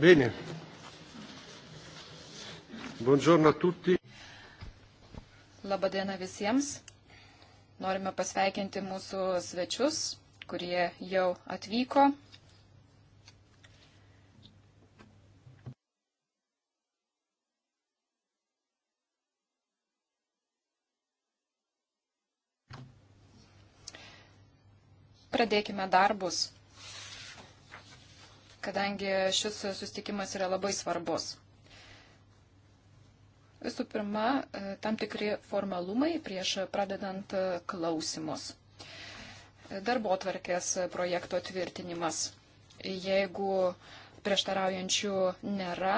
Bene. Buongiorno a tutti. Labadiena visiems. Norime pasveikinti mūsų svečius, kurie jau atvyko. Pradėkime darbus kadangi šis sustikimas yra labai svarbus. Visų pirma, e, tam tikri formalumai prieš pradedant e, klausimus. E, Darbo atvarkės projekto tvirtinimas. Jeigu prieštaraujančių nėra.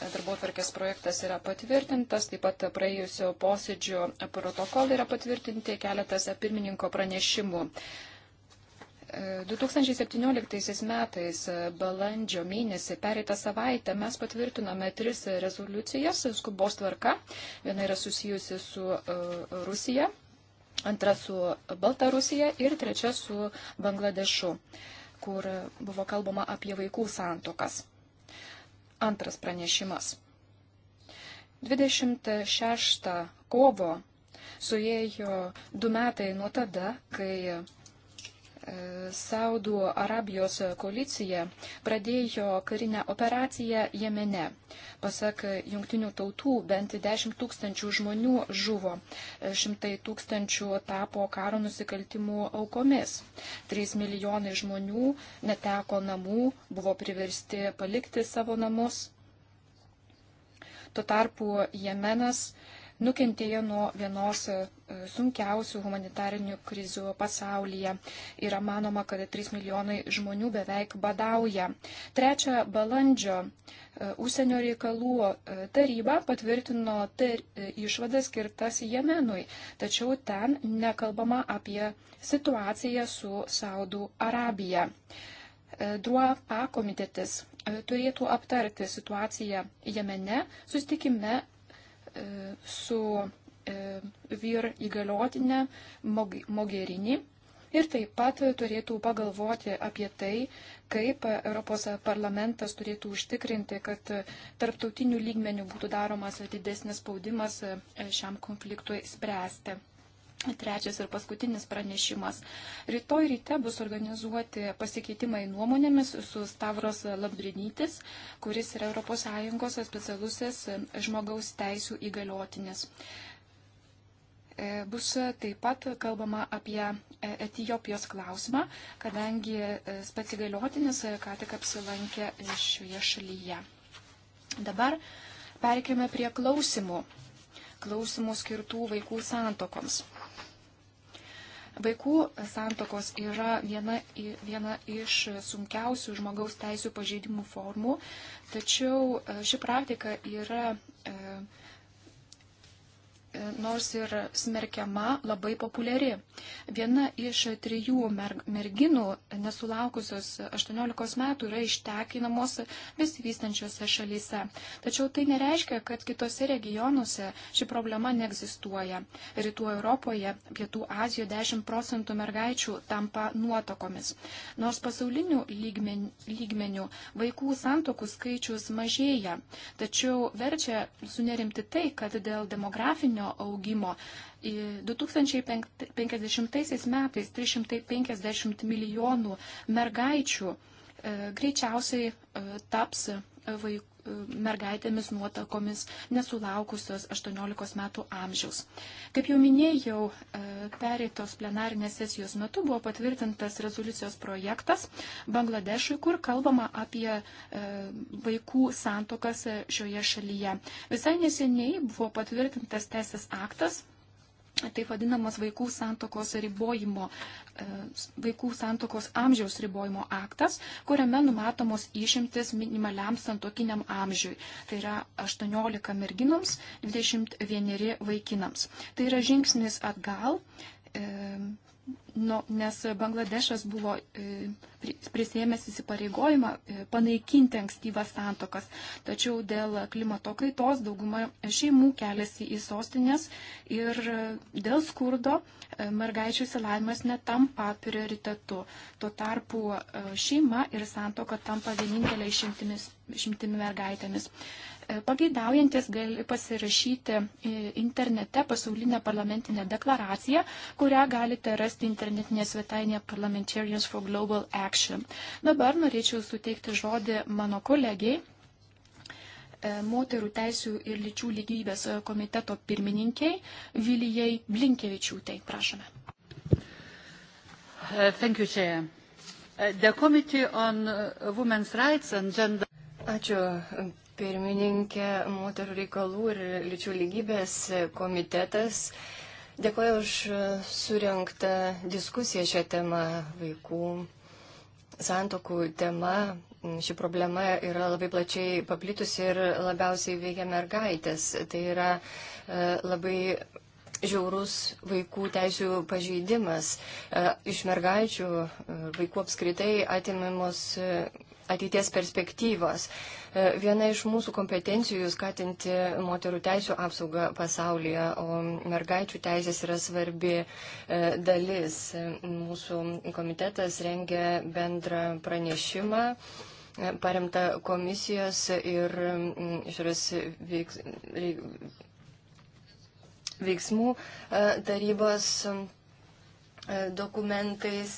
Darbotvarkės projektas yra patvirtintas, taip pat praėjusio posėdžio protokolai yra patvirtinti, keletas pirmininko pranešimų. 2017 metais e, balandžio mėnesį pereitą savaitę mes patvirtinome tris rezoliucijas e, skubos tvarka. Viena yra susijusi su e, Rusija, antra su Baltarusija ir trečia su Bangladešu, kur buvo kalbama apie vaikų santokas. Antras pranešimas. 26 kovo suėjo du metai nuo tada, kai Saudų Arabijos koalicija pradėjo karinę operaciją Jemene. Pasak jungtinių tautų, bent 10 tūkstančių žmonių žuvo, šimtai tūkstančių tapo karo nusikaltimų aukomis, 3 milijonai žmonių neteko namų, buvo priversti palikti savo namus. Tuo tarpu Jemenas nukentėjo nuo vienos e, sunkiausių humanitarinių krizių pasaulyje. Yra manoma, kad 3 milijonai žmonių beveik badauja. Trečią balandžio e, Užsienio reikalų e, taryba patvirtino tar išvadas skirtas Jemenui, tačiau ten nekalbama apie situaciją su Saudų Arabija. Druo pakomitetis turėtų aptarti situaciją Jemene sustikime E, su e, vyr įgaliotinė Mogherini ir taip pat turėtų pagalvoti apie tai, kaip Europos parlamentas turėtų užtikrinti, kad tarptautinių lygmenių būtų daromas didesnis spaudimas e, šiam konfliktui spręsti. Trečias ir paskutinis pranešimas. Rytoj ryte bus organizuoti pasikeitimai nuomonėmis su Stavros Labrinytis, kuris yra ES specialusis žmogaus teisų įgaliotinis. E, bus taip pat kalbama apie e, Etijopijos klausimą, kadangi e, specigaliotinis ką tik apsilankė šioje šalyje. Dabar perkime prie klausimų. Klausimų skirtų vaikų santokoms. Vaikų santokos yra viena, viena iš sunkiausių žmogaus teisų pažeidimų formų, tačiau e, ši praktika yra e, nors ir smerkiama, labai populiari. Viena iš trijų merginų nesulaukusios 18 metų yra ištekinamos besivystančiose šalyse. Tačiau tai nereiškia, kad kitose regionuose ši problema neegzistuoja. Rytų Europoje, Pietų Azijoje 10 procentų mergaičių tampa nuotokomis. Nors pasaulinių lygmenių vaikų santokų skaičius mažėja, tačiau verčia sunerimti tai, kad dėl demografinio ekonominio augimo. 2050 metais 350 milijonų mergaičių e, greičiausiai e, taps e, vaikų mergaitėmis nuotakomis nesulaukusios 18 metų amžiaus. Kaip jau minėjau, e, pereitos plenarinės sesijos metu buvo patvirtintas rezoliucijos projektas Bangladešui, kur kalbama apie e, vaikų santokas šioje šalyje. Visai neseniai buvo patvirtintas teisės aktas, taip vadinamas vaikų santokos ribojimo, e, vaikų santokos amžiaus ribojimo aktas, kuriame numatomos išimtis minimaliam santokiniam amžiui. Tai yra 18 merginams, 21 vaikinams. Tai yra žingsnis atgal. E, nu, nes Bangladešas buvo e, prisėmęs įsipareigojimą e, panaikinti ankstyvas santokas. Tačiau dėl klimato kaitos dauguma šeimų keliasi į sostinės ir e, dėl skurdo mergaičių įsilavimas netampa prioritetu. Tuo tarpu šeima ir santoka tampa vienintelė išimtimi mergaitėmis. E, pageidaujantis gali pasirašyti e, internete pasaulinę parlamentinę deklaraciją, kurią galite rasti internetinėje svetainėje Parliamentarians for Global Action. Dabar norėčiau suteikti žodį mano kolegiai e, moterų teisų ir lyčių lygybės komiteto pirmininkiai Vilijai Blinkevičiūtai. Prašome. Uh, thank you, Chair. Uh, the Committee on uh, Women's Rights and Gender. Ačiū, pirmininkė, moterų reikalų ir lyčių lygybės komitetas. Dėkuoju už surinktą diskusiją šią temą vaikų santokų tema. Ši problema yra labai plačiai paplitusi ir labiausiai veikia mergaitės. Tai yra e, labai žiaurus vaikų teisų pažeidimas. E, iš mergaičių e, vaikų apskritai atimimos ateities perspektyvos. E, viena iš mūsų kompetencijų skatinti moterų teisų apsaugą pasaulyje, o mergaičių teisės yra svarbi e, dalis. E, mūsų komitetas rengia bendrą pranešimą paremta komisijos ir išorės veiks, veiksmų tarybos dokumentais.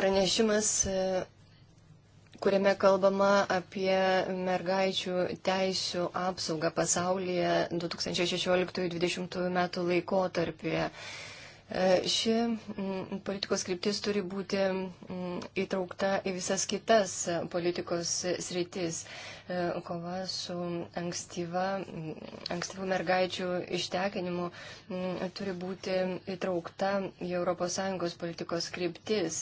Pranešimas kuriame kalbama apie mergaičių teisų apsaugą pasaulyje 2016-2020 metų laikotarpėje. E, ši politikos kryptis turi būti įtraukta į visas kitas politikos sritis. E, kova su ankstyva, ankstyvų mergaičių ištekinimu turi būti įtraukta į ES politikos kryptis.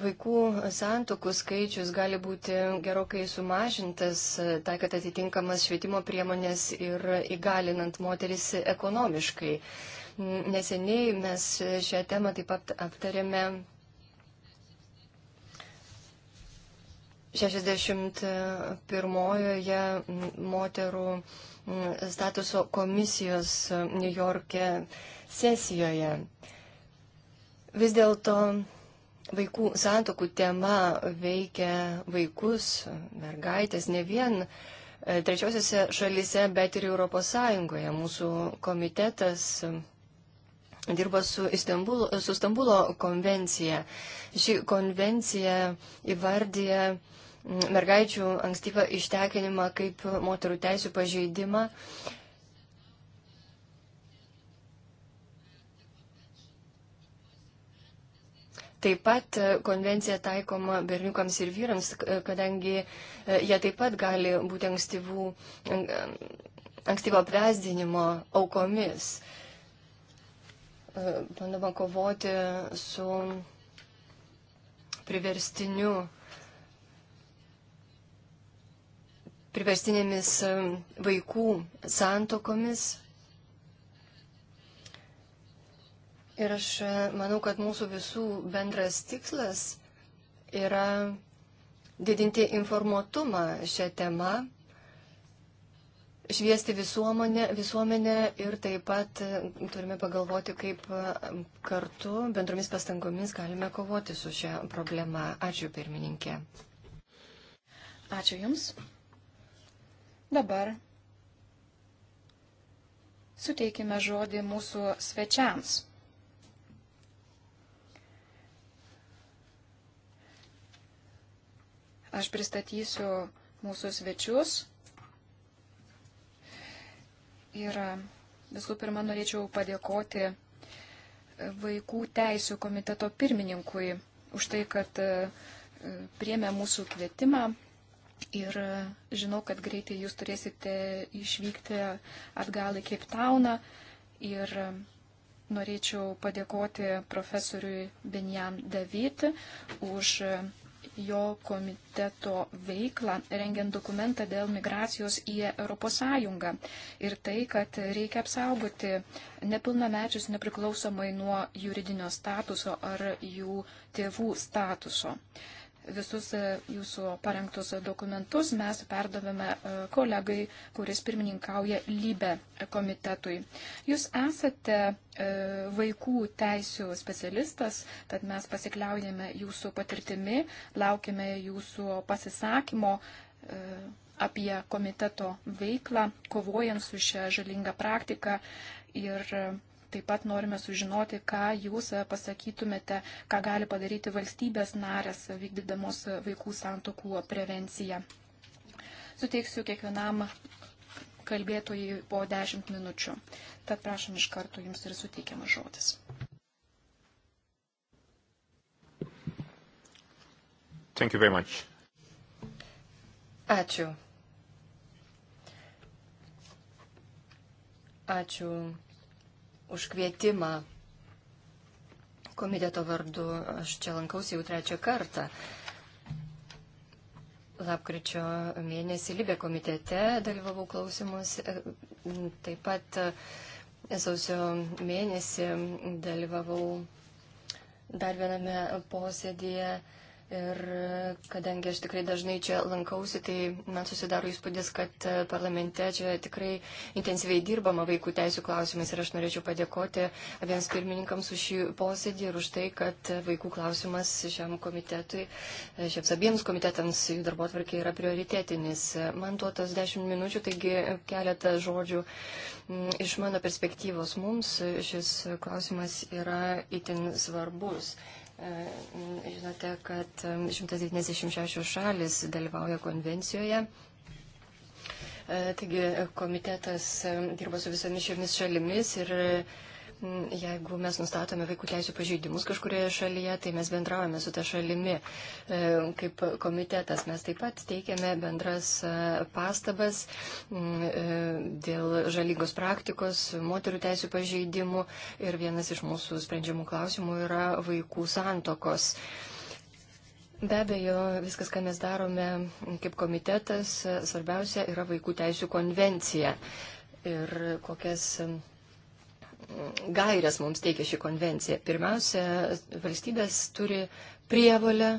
Vaikų santokų skaičius gali būti gerokai sumažintas, e, taikant atitinkamas švietimo priemonės ir įgalinant moteris ekonomiškai. Neseniai mes šią temą taip pat aptarėme 61-ojoje moterų statuso komisijos New York'e sesijoje. Vis dėlto Vaikų santokų tema veikia vaikus, mergaitės, ne vien e, trečiosiose šalise, bet ir Europos Sąjungoje. Mūsų komitetas e, dirba su, Istanbulo, su Stambulo konvencija. Ši konvencija įvardyja mergaičių ankstyvą ištekinimą kaip moterų teisų pažeidimą Taip pat e, konvencija taikoma berniukams ir vyrams, e, kadangi e, jie taip pat gali būti ankstyvų, ankstyvo apvesdinimo aukomis. Bandoma kovoti su priverstiniu priverstinėmis vaikų santokomis, Ir aš e, manau, kad mūsų visų bendras tikslas yra didinti informuotumą šią temą, šviesti visuomenę, visuomenę ir taip pat e, turime pagalvoti, kaip e, kartu bendromis pastangomis galime kovoti su šią problemą. Ačiū pirmininkė. Ačiū Jums. Dabar suteikime žodį mūsų svečiams. Aš pristatysiu mūsų svečius. Ir visų pirma, norėčiau padėkoti vaikų teisų komiteto pirmininkui už tai, kad e, priemė mūsų kvietimą. Ir e, žinau, kad greitai jūs turėsite išvykti atgal į Cape Towną. Ir e, norėčiau padėkoti profesoriui Benjam David už jo komiteto veiklą, rengiant dokumentą dėl migracijos į ES ir tai, kad reikia apsaugoti nepilnamečius nepriklausomai nuo juridinio statuso ar jų tėvų statuso. Uh, visus e, jūsų parengtus dokumentus mes perdavėme e, kolegai, kuris pirmininkauja lybe komitetui. Jūs esate e, vaikų teisių specialistas, tad mes pasikliaujame jūsų patirtimi, laukime jūsų pasisakymo apie komiteto veiklą, kovojant su šią žalingą praktiką ir Taip pat norime sužinoti, ką jūs pasakytumėte, ką gali padaryti valstybės narės vykdydamos vaikų santokų prevenciją. Suteiksiu kiekvienam kalbėtojai po 10 minučių. Tad prašom iš karto jums ir suteikiamas žodis. Thank you very much. Ačiū. Ačiū už kvietimą komiteto vardu. Aš čia lankausi jau trečią kartą. Lapkričio mėnesį Libė komitete dalyvavau klausimus. E, taip pat e, sausio mėnesį dalyvavau dar viename posėdėje Ir e, kadangi aš tikrai dažnai čia lankausi, tai man susidaro įspūdis, kad e, parlamente čia tikrai intensyviai dirbama vaikų teisų klausimais ir aš norėčiau padėkoti abiems pirmininkams už šį posėdį ir už tai, kad e, vaikų klausimas šiam komitetui, šiems abiems komitetams jų darbo atvarkė yra prioritėtinis. Man duotos dešimt minučių, taigi keletą žodžių iš mano perspektyvos mums šis klausimas yra itin svarbus. Žinote, kad 196 um, šalis dalyvauja konvencijoje. E, taigi komitetas um, dirba su visomis šiomis šalimis ir jeigu mes nustatome vaikų teisų pažeidimus kažkurioje šalyje, tai mes bendraujame su ta šalimi. E, kaip komitetas mes taip pat teikiame bendras e, pastabas e, dėl žalygos praktikos, moterių teisų pažeidimų ir vienas iš mūsų sprendžiamų klausimų yra vaikų santokos. Be abejo, viskas, ką mes darome kaip komitetas, svarbiausia yra vaikų teisų konvencija. Ir kokias gairias mums teikia ši konvencija. Pirmiausia, valstybės turi prievalę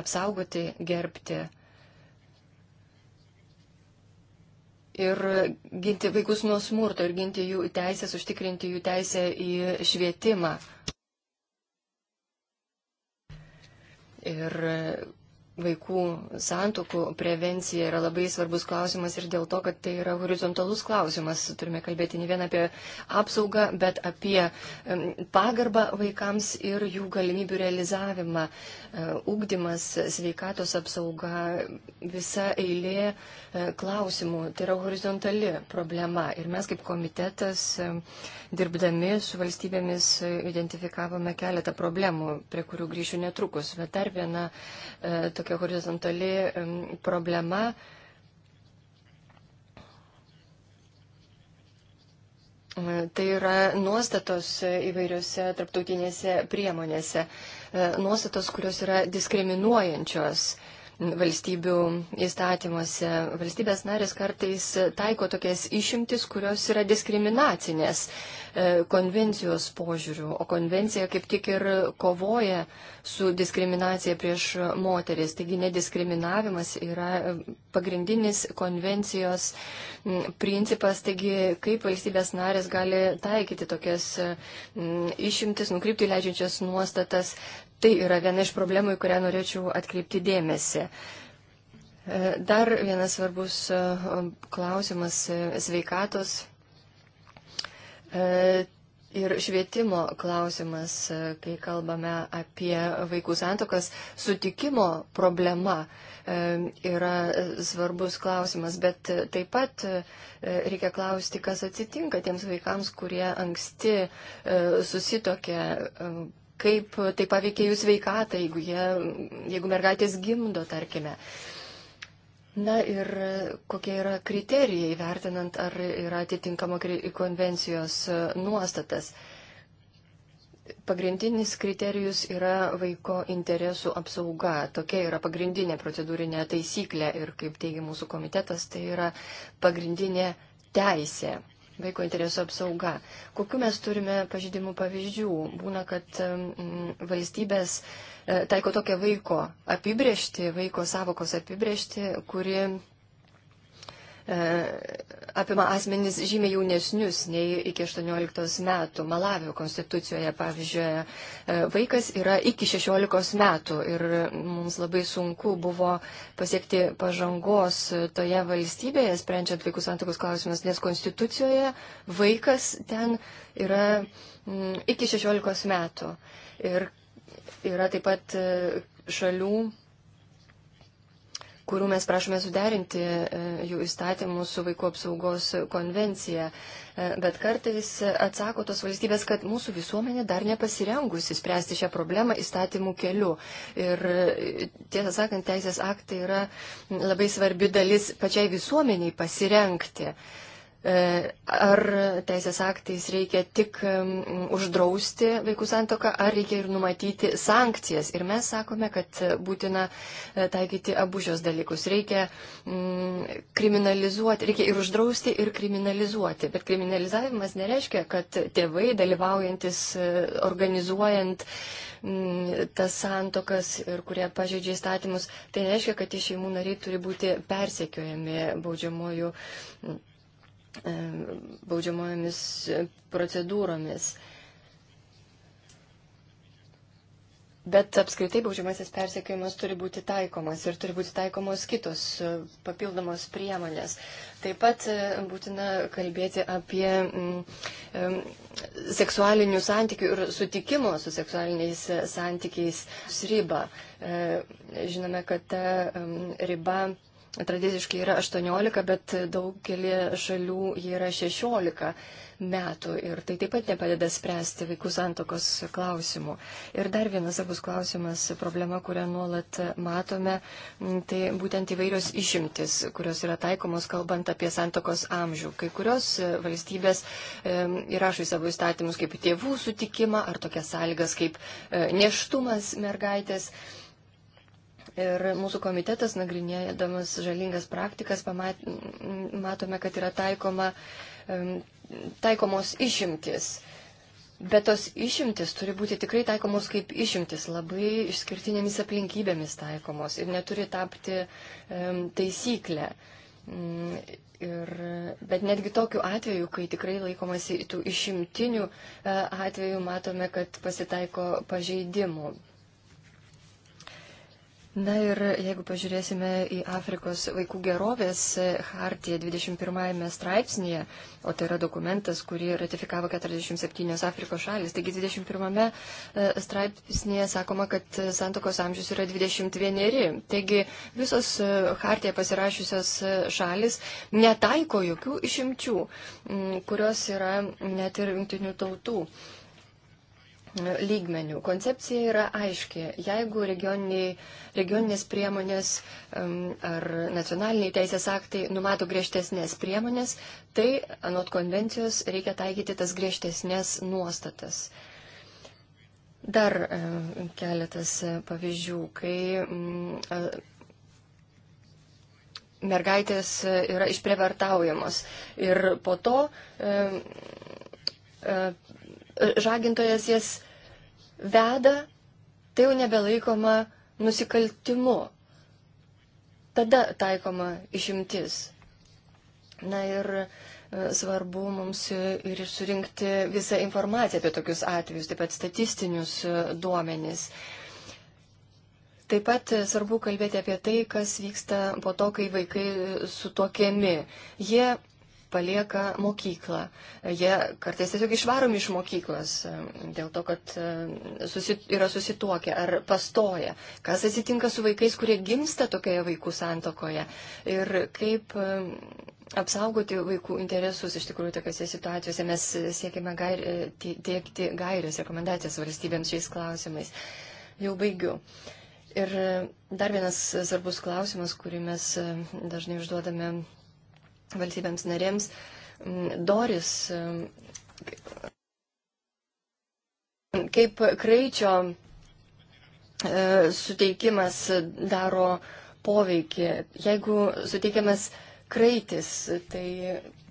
apsaugoti, gerbti ir ginti vaikus nuo smurto ir ginti jų teisės, užtikrinti jų teisę į švietimą. Ir vaikų santokų prevencija yra labai svarbus klausimas ir dėl to, kad tai yra horizontalus klausimas. Turime kalbėti ne vien apie apsaugą, bet apie pagarbą vaikams ir jų galimybių realizavimą. E, ugdymas, sveikatos apsauga, visa eilė e, klausimų. Tai yra horizontali problema. Ir mes kaip komitetas dirbdami su valstybėmis identifikavome keletą problemų, prie kurių grįšiu netrukus. Bet dar viena e, tokia horizontali e, problema. E, tai yra nuostatos įvairiose tarptautinėse priemonėse, e, nuostatos, kurios yra diskriminuojančios. E, valstybių įstatymuose. Valstybės narės kartais taiko tokias išimtis, kurios yra diskriminacinės e, konvencijos požiūrių, o konvencija kaip tik ir kovoja su diskriminacija prieš moteris. Taigi nediskriminavimas yra e, pagrindinis konvencijos principas, taigi kaip valstybės narės gali taikyti tokias išimtis, nukrypti leidžiančias nuostatas Tai yra viena iš problemų, į kurią norėčiau atkreipti dėmesį. E, dar vienas svarbus e, klausimas e, - sveikatos ir švietimo klausimas, kai kalbame apie vaikų santokas. Sutikimo problema yra svarbus klausimas, bet taip pat reikia klausti, kas atsitinka tiems vaikams, kurie anksti susitokia kaip tai paveikia jų sveikatą, jeigu, jie, jeigu mergaitės gimdo, tarkime. Na ir kokie yra kriterijai, vertinant, ar yra atitinkama konvencijos nuostatas. Pagrindinis kriterijus yra vaiko interesų apsauga. Tokia yra pagrindinė procedūrinė taisyklė ir, kaip teigia mūsų komitetas, tai yra pagrindinė teisė vaiko interesų apsauga. Kokiu mes turime pažydimų pavyzdžių? Būna, kad mm, valstybės e, taiko tokią vaiko apibriešti, vaiko savokos apibriešti, kuri E, apima asmenys žymiai jaunesnius nei iki 18 metų. Malavio konstitucijoje, pavyzdžiui, e, vaikas yra iki 16 metų ir mums labai sunku buvo pasiekti pažangos toje valstybėje, sprendžiant vaikų santokus klausimus, nes konstitucijoje vaikas ten yra iki 16 metų. Ir yra taip pat e, šalių kurių mes prašome suderinti e, jų įstatymus su vaikų apsaugos konvencija. E, bet kartais atsako tos valstybės, kad mūsų visuomenė dar nepasirengusi spręsti šią problemą įstatymų keliu. Ir e, tiesą sakant, teisės aktai yra labai svarbi dalis pačiai visuomeniai pasirenkti. E, ar teisės aktais reikia tik uždrausti vaikų santoką, ar reikia ir numatyti sankcijas. Ir mes sakome, kad būtina e, taikyti abu šios dalykus. Reikia kriminalizuoti, reikia ir uždrausti, ir kriminalizuoti. Bet kriminalizavimas nereiškia, kad tėvai dalyvaujantis e, organizuojant tas santokas ir kurie pažeidžia įstatymus, tai nereiškia, kad tie šeimų nariai turi būti persekiojami baudžiamojų E, baudžiamojomis procedūromis. Bet apskritai baudžiamasis persekiojimas turi būti taikomas ir turi būti taikomos kitos e, papildomos priemonės. Taip pat e, būtina kalbėti apie mm, seksualinių santykių ir sutikimo su seksualiniais santykiais ribą. Žinome, kad ta riba tradiciškai yra 18, bet daugelį šalių jie yra 16 metų ir tai taip pat nepadeda spręsti vaikų santokos klausimų. Ir dar vienas svarbus klausimas, problema, kurią nuolat matome, tai būtent įvairios išimtis, kurios yra taikomos kalbant apie santokos amžių. Kai kurios valstybės e, įrašo į savo įstatymus kaip tėvų sutikimą ar tokias sąlygas kaip e, neštumas mergaitės. Ir mūsų komitetas, nagrinėdamas žalingas praktikas, pamat, matome, kad yra taikoma, taikomos išimtis. Bet tos išimtis turi būti tikrai taikomos kaip išimtis, labai išskirtinėmis aplinkybėmis taikomos ir neturi tapti taisyklę. Mm, ir, bet netgi tokiu atveju, kai tikrai laikomasi tų išimtinių e, atvejų, matome, kad pasitaiko pažeidimų. Na ir jeigu pažiūrėsime į Afrikos vaikų gerovės hartiją 21 straipsnėje, o tai yra dokumentas, kurį ratifikavo 47 Afrikos šalis, taigi 21 e, straipsnėje sakoma, kad santokos amžius yra 21. Taigi visos e, hartiją pasirašiusios e, šalis netaiko jokių išimčių, kurios yra net ir jungtinių tautų lygmenių. Koncepcija yra aiški. Jeigu regioninės priemonės um, ar nacionaliniai teisės aktai numato griežtesnės priemonės, tai anot konvencijos reikia taikyti tas griežtesnės nuostatas. Dar um, keletas e, pavyzdžių, kai um, mergaitės e, yra išprievartaujamos ir po to um, žagintojas jas veda, tai jau nebelaikoma nusikaltimu. Tada taikoma išimtis. Na ir e, svarbu mums ir surinkti visą informaciją apie tokius atvejus, taip pat statistinius e, duomenis. Taip pat e, svarbu kalbėti apie tai, kas vyksta po to, kai vaikai sutokiami. Jie palieka mokyklą. Jie kartais tiesiog išvaromi iš mokyklos e, dėl to, kad e, susit, yra susituokę ar pastoja. Kas atsitinka su vaikais, kurie gimsta tokioje vaikų santokoje ir kaip e, apsaugoti vaikų interesus iš tikrųjų tokiuose situacijose. Mes siekime gair, tiekti gairias rekomendacijas valstybėms šiais klausimais. Jau baigiu. Ir dar vienas svarbus klausimas, kurį mes dažnai užduodame valstybėms narėms. Mm, Doris, mm, kaip kraičio e, suteikimas daro poveikį. Jeigu suteikiamas kraitis, tai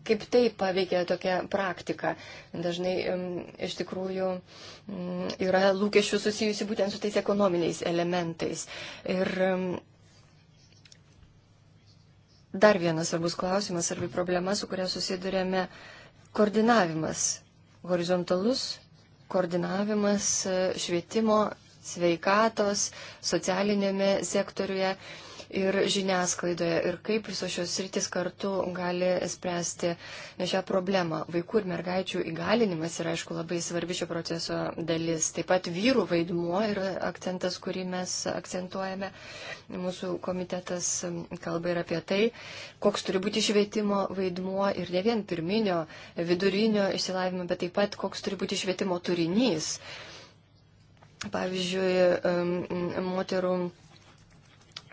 kaip tai paveikia tokia praktika. Dažnai mm, iš tikrųjų yra lūkesčių susijusi būtent su tais ekonominiais elementais. Ir Dar vienas svarbus klausimas, svarbi problema, su kuria susidurėme - koordinavimas. Horizontalus koordinavimas e, švietimo, sveikatos, socialinėme sektoriuje ir žiniasklaidoje ir kaip visos šios sritis kartu gali spręsti šią problemą. Vaikų ir mergaičių įgalinimas yra, aišku, labai svarbi šio proceso dalis. Taip pat vyrų vaidmuo yra akcentas, kurį mes akcentuojame. Mūsų komitetas kalba ir apie tai, koks turi būti švietimo vaidmuo ir ne vien pirminio, vidurinio išsilavinimo, bet taip pat koks turi būti švietimo turinys. Pavyzdžiui, moterų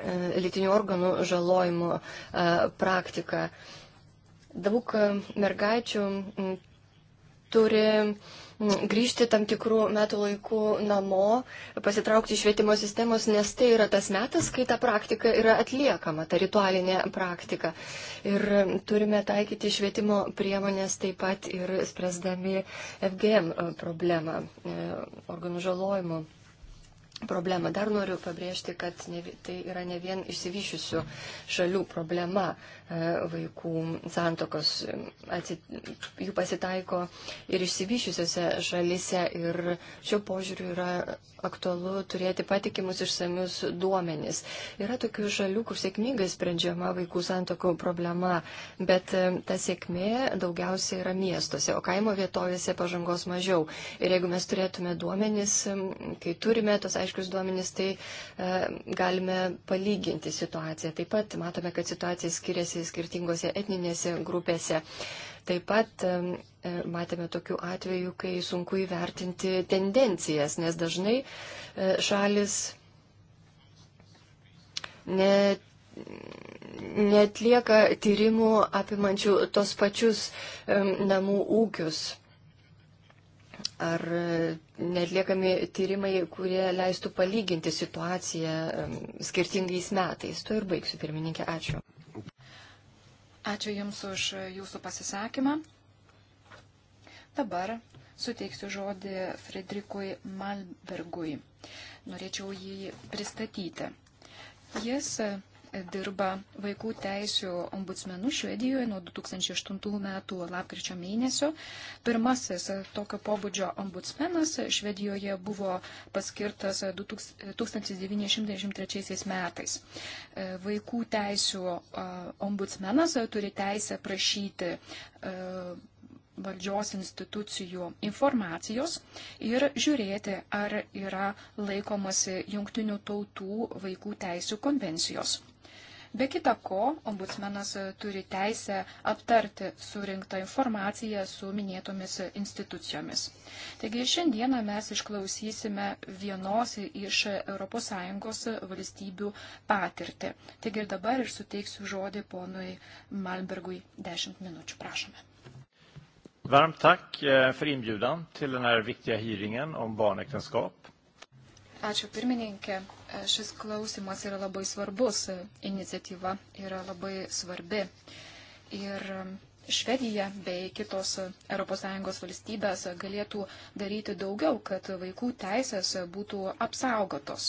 E, lytinių organų žalojimo e, praktiką. Daug e, mergaičių turi grįžti tam tikrų metų laikų namo, pasitraukti iš švietimo sistemos, nes tai yra tas metas, kai ta praktika yra atliekama, ta ritualinė praktika. Ir turime taikyti švietimo priemonės taip pat ir spręsdami FGM problemą, organų žalojimo problemą. Dar noriu pabrėžti, kad ne, tai yra ne vien išsivyšiusių šalių problema e, vaikų santokos. E, Atsit, jų pasitaiko ir išsivyšiusiose šalise. Ir šiuo požiūriu yra aktualu turėti patikimus išsamius duomenis. Yra tokių šalių, kur sėkmingai sprendžiama vaikų santokų problema, bet e, ta sėkmė daugiausiai yra miestuose, o kaimo vietovėse pažangos mažiau. Ir jeigu mes turėtume duomenis, kai turime tos aiškiai, aiškius duomenis, tai e, galime palyginti situaciją. Taip pat matome, kad situacija skiriasi skirtingose etninėse grupėse. Taip pat e, e matėme tokių atvejų, kai sunku įvertinti tendencijas, nes dažnai e, šalis net netlieka tyrimų apimančių tos pačius um, namų ūkius. Ar netliekami tyrimai, kurie leistų palyginti situaciją skirtingais metais? Tuo ir baigsiu, pirmininkė. Ačiū. Ačiū Jums už Jūsų pasisakymą. Dabar suteiksiu žodį Frederikui Malbergui. Norėčiau jį pristatyti. Jis dirba vaikų teisų ombudsmenų Švedijoje nuo 2008 metų lapkričio mėnesio. Pirmasis tokio pobūdžio ombudsmenas Švedijoje buvo paskirtas 1993 metais. Vaikų teisų ombudsmenas turi teisę prašyti valdžios institucijų informacijos ir žiūrėti, ar yra laikomasi jungtinių tautų vaikų teisų konvencijos. Be kita ko, ombudsmenas turi teisę aptarti surinktą informaciją su minėtomis institucijomis. Taigi šiandieną mes išklausysime vienos iš ES valstybių patirtį. Taigi ir dabar ir suteiksiu žodį ponui Malbergui 10 minučių. Prašome. Varmt tack eh, för inbjudan till den här viktiga hearingen om barnäktenskap. Ačiū pirmininkė Šis klausimas yra labai svarbus, iniciatyva yra labai svarbi. Ir Švedija bei kitos ES valstybės galėtų daryti daugiau, kad vaikų teisės būtų apsaugotos.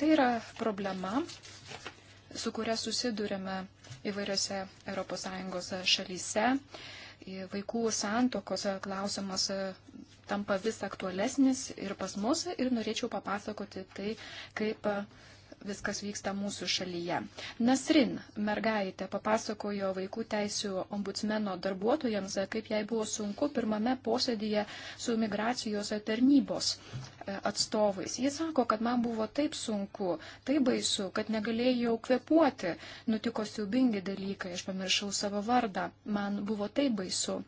Tai yra problema, su kuria susidurėme įvairiose ES šalyse. Vaikų santokos klausimas tampa vis aktualesnis ir pas mus ir norėčiau papasakoti tai, kaip viskas vyksta mūsų šalyje. Nasrin, mergaitė, papasakojo vaikų teisų ombudsmeno darbuotojams, kaip jai buvo sunku pirmame posėdėje su migracijos tarnybos e, atstovais. Jis sako, kad man buvo taip sunku, taip baisu, kad negalėjau kvepuoti. Nutiko siubingi dalykai, aš pamiršau savo vardą. Man buvo taip baisu.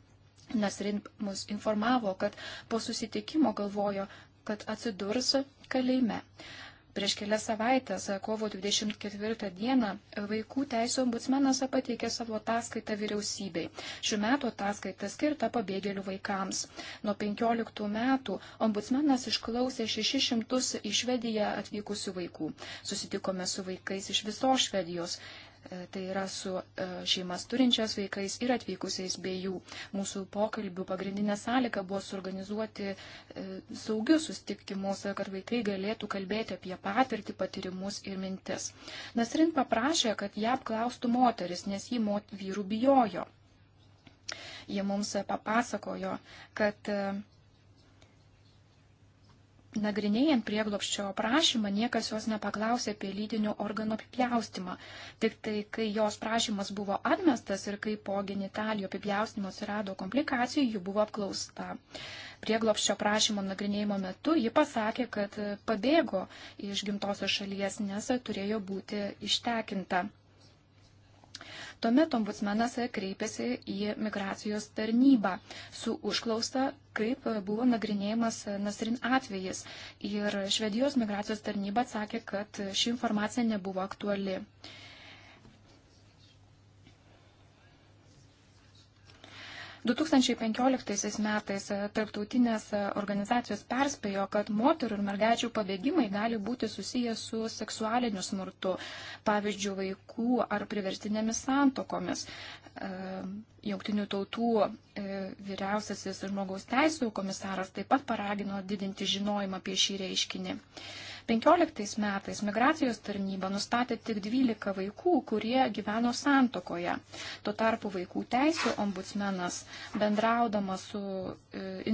Nasrin mus informavo, kad po susitikimo galvojo, kad atsidurs kalėjime. Prieš kelias savaitės, kovo 24 dieną, vaikų teisų ombudsmenas pateikė savo ataskaitą vyriausybei. Šiuo metu ataskaita skirta pabėgėlių vaikams. Nuo 15 metų ombudsmenas išklausė 600 į Švediją atvykusių vaikų. Susitikome su vaikais iš visos Švedijos E, tai yra su e, šeimas turinčios vaikais ir atvykusiais bei jų. Mūsų pokalbių pagrindinė sąlyga buvo suorganizuoti e, saugius sustikimus, kad vaikai galėtų kalbėti apie patirtį, patirimus ir mintis. Nasrin paprašė, kad ją apklaustų moteris, nes jį vyrų bijojo. Jie mums papasakojo, kad Nagrinėjant prieglopščio prašymą, niekas jos nepaklausė apie lydinių organų apipjaustimą. Tik tai, kai jos prašymas buvo atmestas ir kai po genitalijų apipjaustimo atsirado komplikacijų, jų buvo apklausta. Prieglopščio prašymo nagrinėjimo metu ji pasakė, kad pabėgo iš gimtosios šalies, nes turėjo būti ištekinta. Tuomet ombudsmenas kreipėsi į migracijos tarnybą su užklausa, kaip buvo nagrinėjimas Nasrin atvejis. Ir Švedijos migracijos tarnyba atsakė, kad ši informacija nebuvo aktuali. 2015 metais e, tarptautinės e, organizacijos perspėjo, kad moterų ir mergaičių pabėgimai gali būti susiję su seksualiniu smurtu, pavyzdžiui, vaikų ar priverstinėmis santokomis. E, Jungtinių tautų vyriausiasis žmogaus teisų komisaras taip pat paragino didinti žinojimą apie šį reiškinį. 15 metais migracijos tarnyba nustatė tik 12 vaikų, kurie gyveno santokoje. Tuo tarpu vaikų teisų ombudsmenas bendraudamas su e,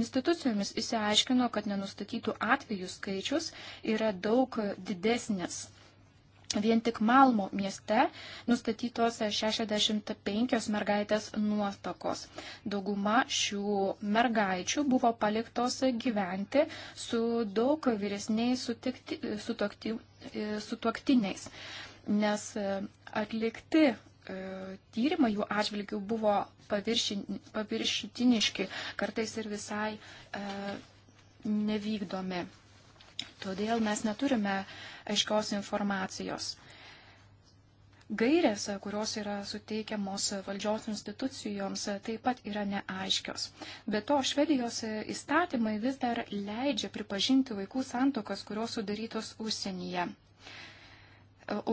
institucijomis įsiaiškino, kad nenustatytų atvejų skaičius yra daug didesnis. Vien tik Malmo mieste nustatytos 65 mergaitės nuostakos. Dauguma šių mergaičių buvo paliktos gyventi su daug vyresniais e, sutuoktiniais, nes e, atlikti e, tyrimai jų atžvilgių buvo paviršutiniški, kartais ir visai nevykdomi. Todėl mes neturime aiškios informacijos. Gairės, kurios yra suteikiamos valdžios institucijoms, taip pat yra neaiškios. Be to, Švedijos įstatymai vis dar leidžia pripažinti vaikų santokas, kurios sudarytos užsienyje.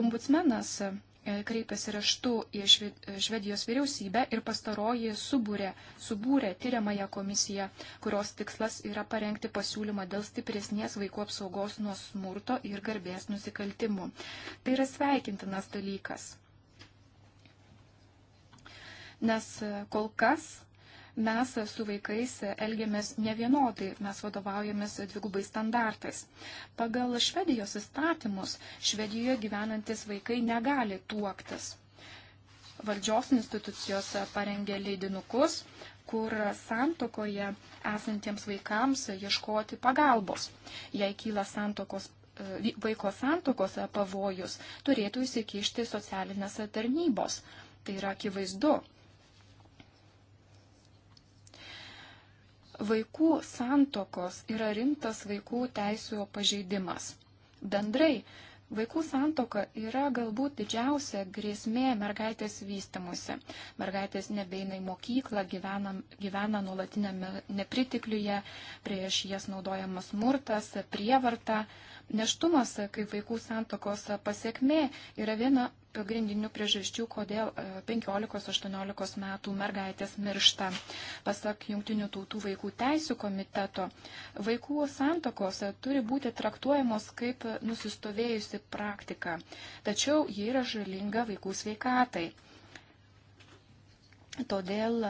Ombudsmenas E, kreipėsi raštu į e, Švedijos vyriausybę ir pastaroji subūrė, subūrė tyriamąją komisiją, kurios tikslas yra parengti pasiūlymą dėl stipresnės vaikų apsaugos nuo smurto ir garbės nusikaltimų. Tai yra sveikintinas dalykas. Nes e, kol kas mes su vaikais elgiamės nevienodai, mes vadovaujamės dvigubai standartais. Pagal Švedijos įstatymus Švedijoje gyvenantis vaikai negali tuoktis. Valdžios institucijos parengė leidinukus, kur santokoje esantiems vaikams ieškoti pagalbos. Jei kyla santokos, e, vaiko santokos pavojus, turėtų įsikišti socialinės tarnybos. Tai yra akivaizdu. Vaikų santokos yra rimtas vaikų teisų pažeidimas. Bendrai, vaikų santoka yra galbūt didžiausia grėsmė mergaitės vystimusi. Mergaitės nebeina į mokyklą, gyvena, gyvena nuolatinėme nepritikliuje, prieš jas naudojamas smurtas, prievarta. Neštumas kaip vaikų santokos pasiekmė yra viena pagrindinių priežasčių, kodėl 15-18 e, metų mergaitės miršta. Pasak Junktinių tautų vaikų teisų komiteto, vaikų santokos turi būti traktuojamos kaip nusistovėjusi praktika, tačiau ji yra žalinga vaikų sveikatai. Todėl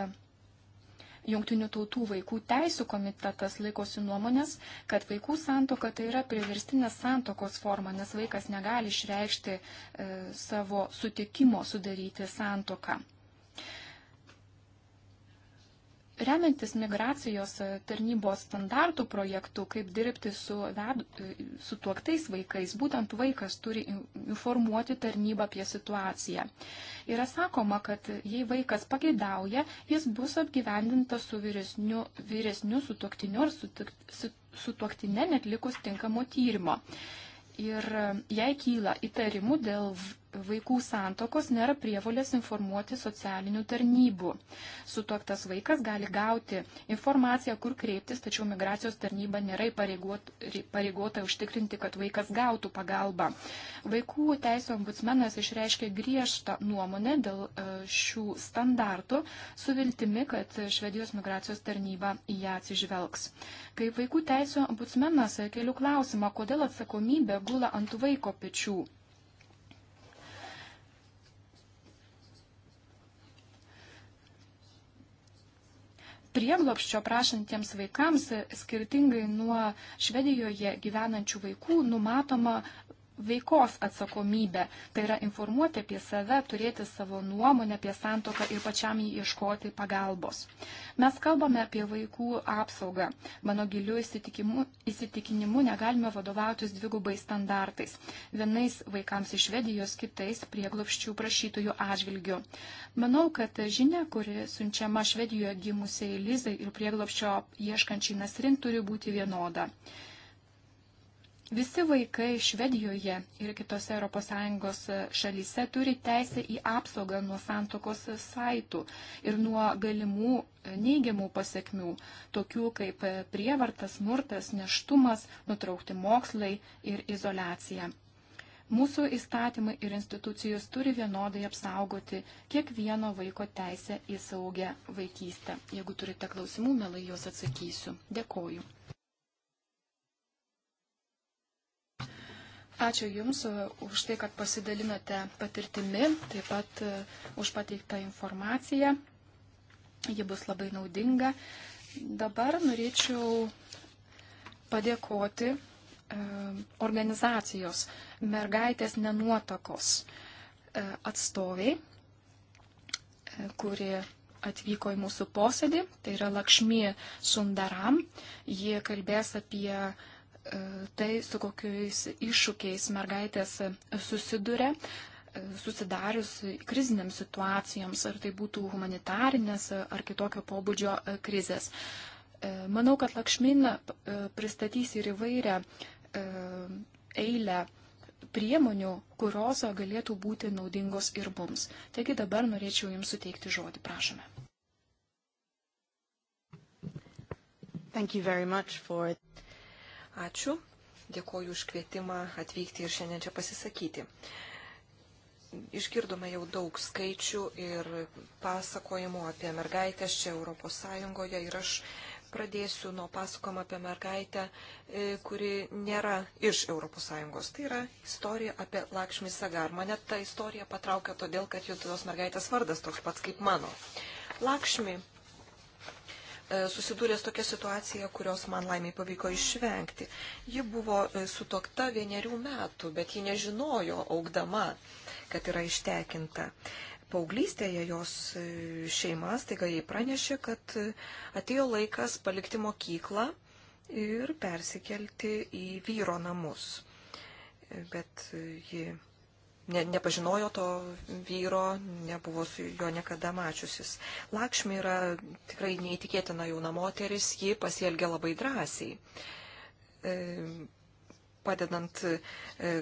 Jungtinių tautų vaikų teisų komitetas laikosi nuomonės, kad vaikų santoka tai yra priverstinės santokos forma, nes vaikas negali išreikšti e, savo sutikimo sudaryti santoką. Remiantis migracijos tarnybos standartų projektų, kaip dirbti su, ved, su tuoktais vaikais, būtent vaikas turi informuoti tarnybą apie situaciją. Yra sakoma, kad jei vaikas pageidauja, jis bus apgyvendintas su vyresniu, vyresniu su tuoktiniu ar su, su, su tuoktinė netlikus tinkamo tyrimo. Ir e, jei kyla įtarimų dėl vaikų santokos nėra prievolės informuoti socialinių tarnybų. Sutoktas vaikas gali gauti informaciją, kur kreiptis, tačiau migracijos tarnyba nėra pareigota užtikrinti, kad vaikas gautų pagalbą. Vaikų teisų ombudsmenas išreiškė griežtą nuomonę dėl e, šių standartų su viltimi, kad Švedijos migracijos tarnyba į ją atsižvelgs. Kaip vaikų teisų ombudsmenas keliu klausimą, kodėl atsakomybė gula ant vaiko pečių. prieglopščio prašantiems vaikams skirtingai nuo Švedijoje gyvenančių vaikų numatoma veikos atsakomybę. Tai yra informuoti apie save, turėti savo nuomonę apie santoką ir pačiam jį ieškoti pagalbos. Mes kalbame apie vaikų apsaugą. Mano giliu įsitikinimu negalime vadovautis dvigubai standartais. Vienais vaikams iš Švedijos, kitais prieglopščių prašytojų atžvilgių. Manau, kad žinia, kuri siunčiama Švedijoje gimusiai Lizai ir prieglopščio ieškančiai Nasrin turi būti vienoda. Visi vaikai Švedijoje ir kitose ES šalyse turi teisę į apsaugą nuo santokos saitų ir nuo galimų neigiamų pasiekmių, tokių kaip prievartas, smurtas, neštumas, nutraukti mokslai ir izolacija. Mūsų įstatymai ir institucijos turi vienodai apsaugoti kiekvieno vaiko teisę į saugę vaikystę. Jeigu turite klausimų, melai juos atsakysiu. Dėkoju. Ačiū Jums e, už tai, kad pasidalinote patirtimi, taip pat e, už pateiktą informaciją. Ji bus labai naudinga. Dabar norėčiau padėkoti e, organizacijos mergaitės nenuotokos atstoviai, kuri atvyko į mūsų posėdį. Tai yra Lakšmi Sundaram. Jie kalbės apie tai, su kokiais iššūkiais mergaitės susiduria susidarius krizinėms situacijoms, ar tai būtų humanitarinės ar kitokio pobūdžio krizės. E, manau, kad Lakšmin e, pristatys ir įvairią e, eilę priemonių, kurios galėtų būti naudingos ir mums. Taigi dabar norėčiau Jums suteikti žodį, prašome. Thank you very much for it. Ačiū. Dėkoju už kvietimą atvykti ir šiandien čia pasisakyti. Išgirdome jau daug skaičių ir pasakojimų apie mergaitės čia Europos Sąjungoje ir aš pradėsiu nuo pasakojimo apie mergaitę, e, kuri nėra iš ES. Tai yra istorija apie Lakšmį Sagar. Mane ta istorija patraukia todėl, kad jos mergaitės vardas toks pats kaip mano. Lakšmi E, susidūrė su tokia situacija, kurios man laimiai pavyko išvengti. Ji buvo e, sutokta vienerių metų, bet ji nežinojo augdama, kad yra ištekinta. Pauglystėje jos e, šeimas taiga jai pranešė, kad atėjo laikas palikti mokyklą ir persikelti į vyro namus. Bet ji ne, nepažinojo to vyro, nebuvo su juo niekada mačiusis. Lakšmi yra tikrai neįtikėtina jauna moteris, ji pasielgia labai drąsiai. E, padedant e,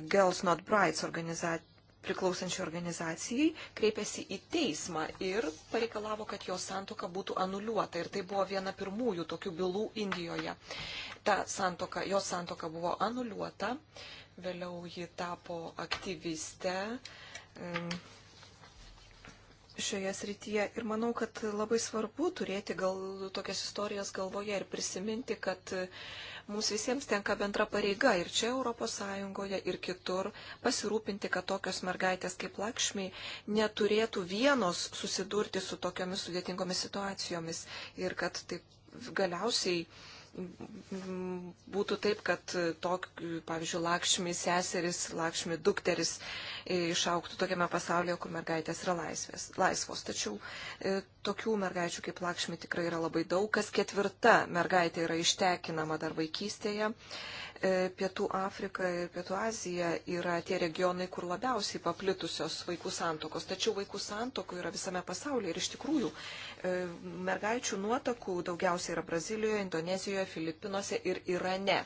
Girls Not Brides organizacijai priklausančiai organizacijai, kreipėsi į teismą ir pareikalavo, kad jos santoka būtų anuliuota. Ir tai buvo viena pirmųjų tokių bylų Indijoje. Ta santoka, jos santoka buvo anuliuota Vėliau ji tapo aktyviste šioje srityje. Ir manau, kad labai svarbu turėti gal tokias istorijas galvoje ir prisiminti, kad mums visiems tenka bendra pareiga ir čia ES ir kitur pasirūpinti, kad tokios mergaitės kaip Lakšmiai neturėtų vienos susidurti su tokiamis sudėtingomis situacijomis ir kad taip galiausiai būtų taip, kad tokių, pavyzdžiui, lakšmi seseris, lakšmi dukteris išauktų tokiame pasaulyje, kur mergaitės yra laisvės, laisvos. Tačiau e, tokių mergaičių kaip lakšmi tikrai yra labai daug. Kas ketvirta mergaitė yra ištekinama dar vaikystėje. E, Pietų Afrika ir Pietų Azija yra tie regionai, kur labiausiai paplitusios vaikų santokos. Tačiau vaikų santokų yra visame pasaulyje ir iš tikrųjų e, mergaičių nuotakų daugiausiai yra Brazilijoje, Indonezijoje, Filipinuose ir Irane.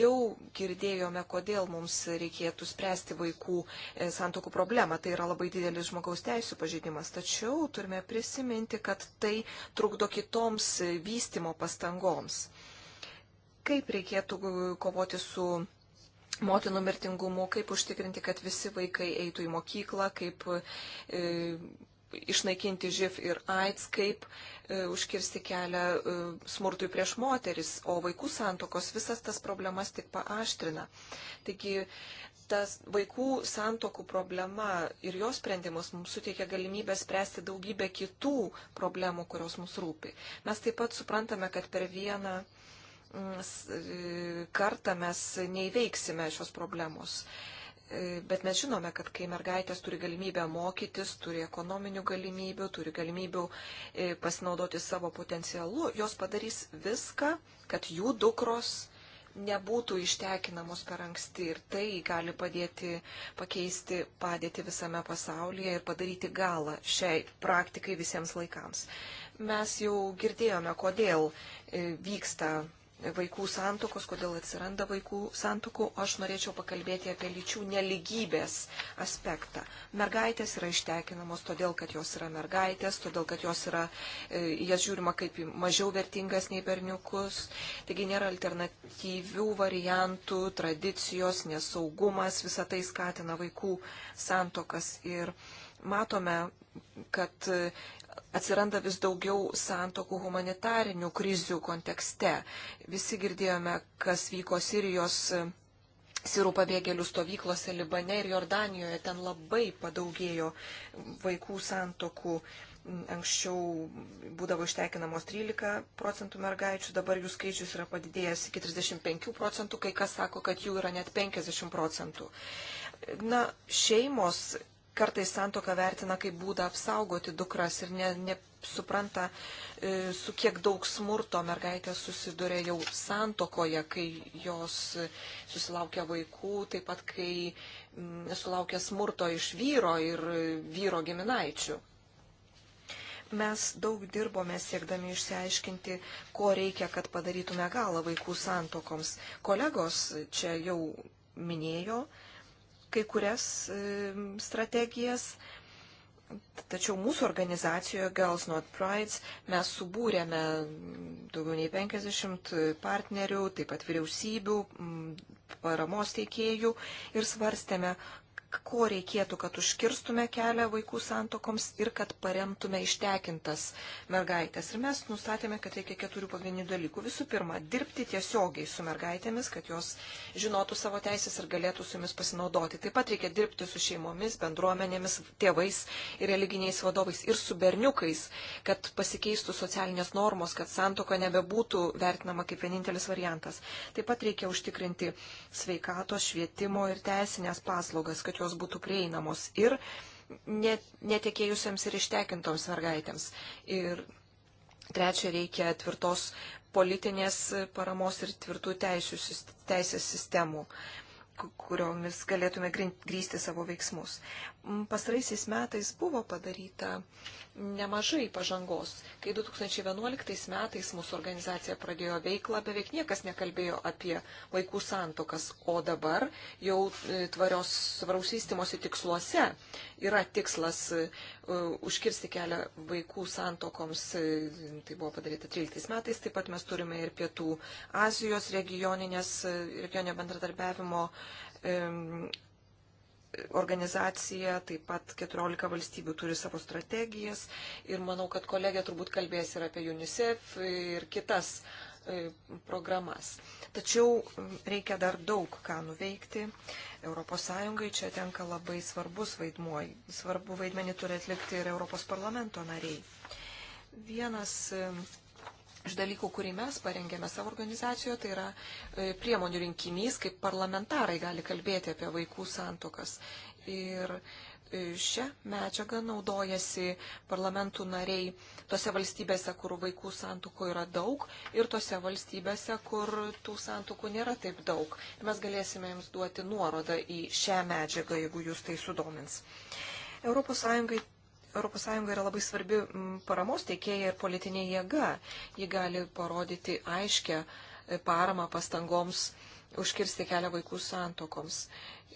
Jau girdėjome, kodėl mums reikėtų spręsti vaikų e, santokų problemą. Tai yra labai didelis žmogaus teisų pažeidimas. Tačiau turime prisiminti, kad tai trukdo kitoms vystimo pastangoms kaip reikėtų uh, kovoti su motinų mirtingumu, kaip užtikrinti, kad visi vaikai eitų į mokyklą, kaip e, išnaikinti živ ir aids, kaip e, užkirsti kelią e, smurtui prieš moteris, o vaikų santokos visas tas problemas tik paaštrina. Taigi, tas vaikų santokų problema ir jos sprendimus mums suteikia galimybę spręsti daugybę kitų problemų, kurios mums rūpi. Mes taip pat suprantame, kad per vieną kartą mes neįveiksime šios problemos. E, bet mes žinome, kad kai mergaitės turi galimybę mokytis, turi ekonominių galimybių, turi galimybių e, pasinaudoti savo potencialu, jos padarys viską, kad jų dukros nebūtų ištekinamos per anksti ir tai gali padėti pakeisti padėti visame pasaulyje ir padaryti galą šiai praktikai visiems laikams. Mes jau girdėjome, kodėl e, vyksta vaikų santokos, kodėl atsiranda vaikų santokų, aš norėčiau pakalbėti apie lyčių neligybės aspektą. Mergaitės yra ištekinamos todėl, kad jos yra mergaitės, todėl, kad jos yra, e, jas žiūrima kaip mažiau vertingas nei berniukus. Taigi nėra alternatyvių variantų, tradicijos, nesaugumas, visą tai skatina vaikų santokas. Ir matome, kad atsiranda vis daugiau santokų humanitarinių krizių kontekste. Visi girdėjome, kas vyko Sirijos e, sirų pabėgėlių stovyklose Libane ir Jordanijoje. Ten labai padaugėjo vaikų santokų. Mm, anksčiau būdavo ištekinamos 13 procentų mergaičių, dabar jų skaičius yra padidėjęs iki 35 procentų, kai kas sako, kad jų yra net 50 procentų. Na, šeimos kartais santoką vertina kaip būdą apsaugoti dukras ir nesupranta, ne, ne su kiek daug smurto mergaitė susiduria jau santokoje, kai jos e, susilaukia vaikų, taip pat kai m, mm, sulaukia smurto iš vyro ir e, vyro giminaičių. Mes daug dirbome siekdami išsiaiškinti, ko reikia, kad padarytume galą vaikų santokoms. Kolegos čia jau minėjo, kai kurias e, strategijas. Tačiau mūsų organizacijoje Girls Not Prides mes subūrėme daugiau nei 50 partnerių, taip pat vyriausybių, paramos teikėjų ir svarstėme, ko reikėtų, kad užkirstume kelią vaikų santokoms ir kad paremtume ištekintas mergaitės. Ir mes nustatėme, kad reikia keturių pagrindinių dalykų. Visų pirma, dirbti tiesiogiai su mergaitėmis, kad jos žinotų savo teisės ir galėtų su jomis pasinaudoti. Taip pat reikia dirbti su šeimomis, bendruomenėmis, tėvais ir religiniais vadovais ir su berniukais, kad pasikeistų socialinės normos, kad santoka nebebūtų vertinama kaip vienintelis variantas. Taip pat reikia užtikrinti sveikatos, švietimo ir teisinės paslaugas, kad jos jos būtų prieinamos ir netekėjusiems ir ištekintoms mergaitėms. Ir trečia, reikia tvirtos politinės paramos ir tvirtų teisių, teisės sistemų kuriomis galėtume grįsti savo veiksmus pastaraisiais metais buvo padaryta nemažai pažangos. Kai 2011 metais mūsų organizacija pradėjo veiklą, beveik niekas nekalbėjo apie vaikų santokas, o dabar jau e, tvarios svaraus vystimosi tiksluose yra tikslas e, užkirsti kelią vaikų santokoms. E, tai buvo padaryta 13 metais, taip pat mes turime ir Pietų Azijos regioninės, regioninio bendradarbiavimo organizacija, taip pat 14 valstybių turi savo strategijas ir manau, kad kolegė turbūt kalbės ir apie UNICEF ir kitas e, programas. Tačiau reikia dar daug ką nuveikti. ES čia tenka labai svarbus vaidmuo. Svarbu vaidmenį turi atlikti ir ES parlamento nariai. Vienas e, iš dalykų, kurį mes parengėme savo organizacijoje, tai yra e, priemonių rinkinys, kaip parlamentarai gali kalbėti apie vaikų santokas. Ir e, šią medžiagą naudojasi parlamentų nariai tose valstybėse, kur vaikų santukų yra daug ir tose valstybėse, kur tų santukų nėra taip daug. Ir mes galėsime jums duoti nuorodą į šią medžiagą, jeigu jūs tai sudomins. ES ES yra labai svarbi paramos teikėja ir politinė jėga. Ji gali parodyti aiškę e, paramą pastangoms užkirsti kelią vaikų santokoms.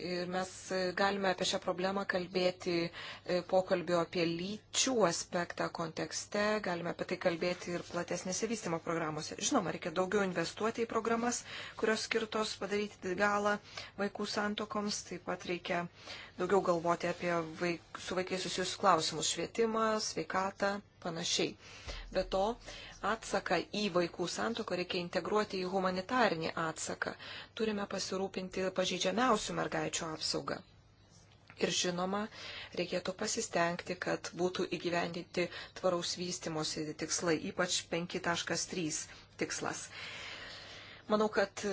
Ir mes galime apie šią problemą kalbėti e, pokalbio apie lyčių aspektą kontekste, galime apie tai kalbėti ir platesnėse vystimo programuose. Žinoma, reikia daugiau investuoti į programas, kurios skirtos padaryti galą vaikų santokoms, taip pat reikia daugiau galvoti apie vaik, su vaikais susijusius klausimus - švietimą, sveikatą, panašiai. Be to, atsaką į vaikų santoką reikia integruoti į humanitarinį atsaką. Turime pasirūpinti pažeidžiamiausių mergaičių giminaičio apsaugą. Ir žinoma, reikėtų pasistengti, kad būtų įgyvendinti tvaraus vystimosi tikslai, ypač 5.3 tikslas. Manau, kad e,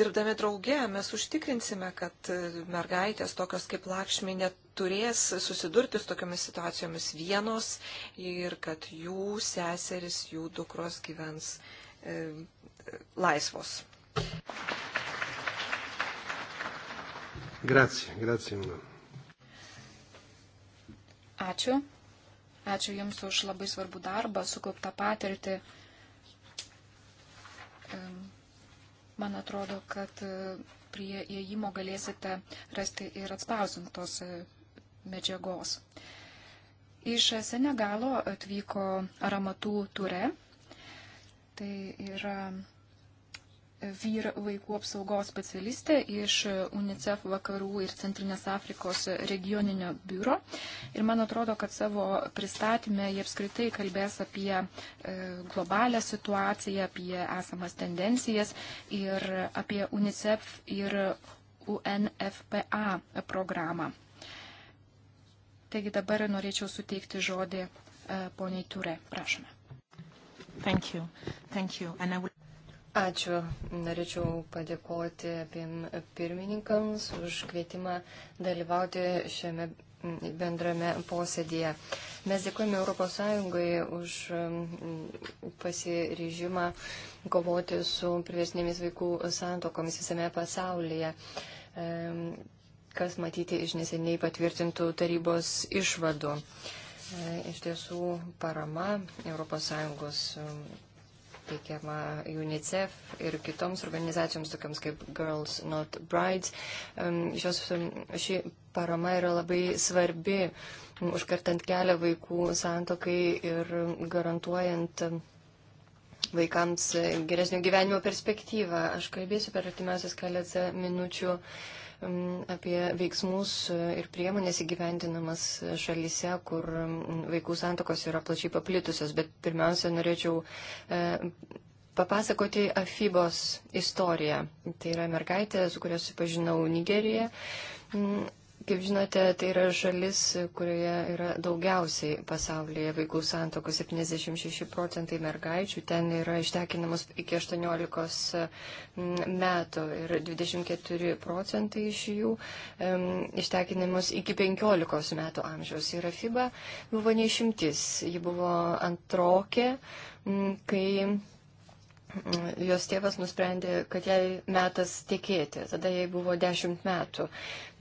dirbdami drauge mes užtikrinsime, kad e, mergaitės tokios kaip lakšmė neturės susidurti su tokiamis situacijomis vienos ir kad jų seseris, jų dukros gyvens e, laisvos. Grazie, grazie. Ačiū. Ačiū Jums už labai svarbų darbą, sukauptą patirtį. Man atrodo, kad e, prie įėjimo galėsite rasti ir atspausintos e, medžiagos. Iš Senegalo atvyko Ramatų Ture. Tai yra vyr vaikų apsaugos specialistė iš UNICEF vakarų ir Centrinės Afrikos regioninio biuro. Ir man atrodo, kad savo pristatymę jie apskritai kalbės apie e, globalią situaciją, apie esamas tendencijas ir apie UNICEF ir UNFPA programą. Taigi dabar norėčiau suteikti žodį e, poniai Ture. Prašome. Thank you. Thank you. And I will... Ačiū. Norėčiau padėkoti abiem pirmininkams už kvietimą dalyvauti šiame bendrame posėdėje. Mes dėkojame ES už mm, pasiryžimą kovoti su priversnėmis vaikų santokomis visame pasaulyje, kas matyti iš neseniai patvirtintų tarybos išvadų. E, iš tiesų parama ES teikiama UNICEF ir kitoms organizacijoms, tokiams kaip Girls Not Brides. Šios, ši parama yra labai svarbi, užkartant kelią vaikų santokai ir garantuojant vaikams geresnio gyvenimo perspektyvą. Aš kalbėsiu per artimiausias keletą minučių apie veiksmus ir priemonės įgyvendinamas šalyse, kur vaikų santokos yra plačiai paplitusios, bet pirmiausia, norėčiau e, papasakoti Afibos istoriją. Tai yra mergaitė, su kuria supažinau Nigerijoje. Kaip žinote, tai yra šalis, kurioje yra daugiausiai pasaulyje vaikų santokų - 76 procentai mergaičių. Ten yra ištekinamos iki 18 mm, metų ir 24 procentai iš jų um, ištekinamos iki 15 metų amžiaus. Ir FIBA buvo neišimtis. Ji buvo antrokė, mm, kai jos tėvas nusprendė, kad jai metas tekėti. Tada jai buvo 10 metų.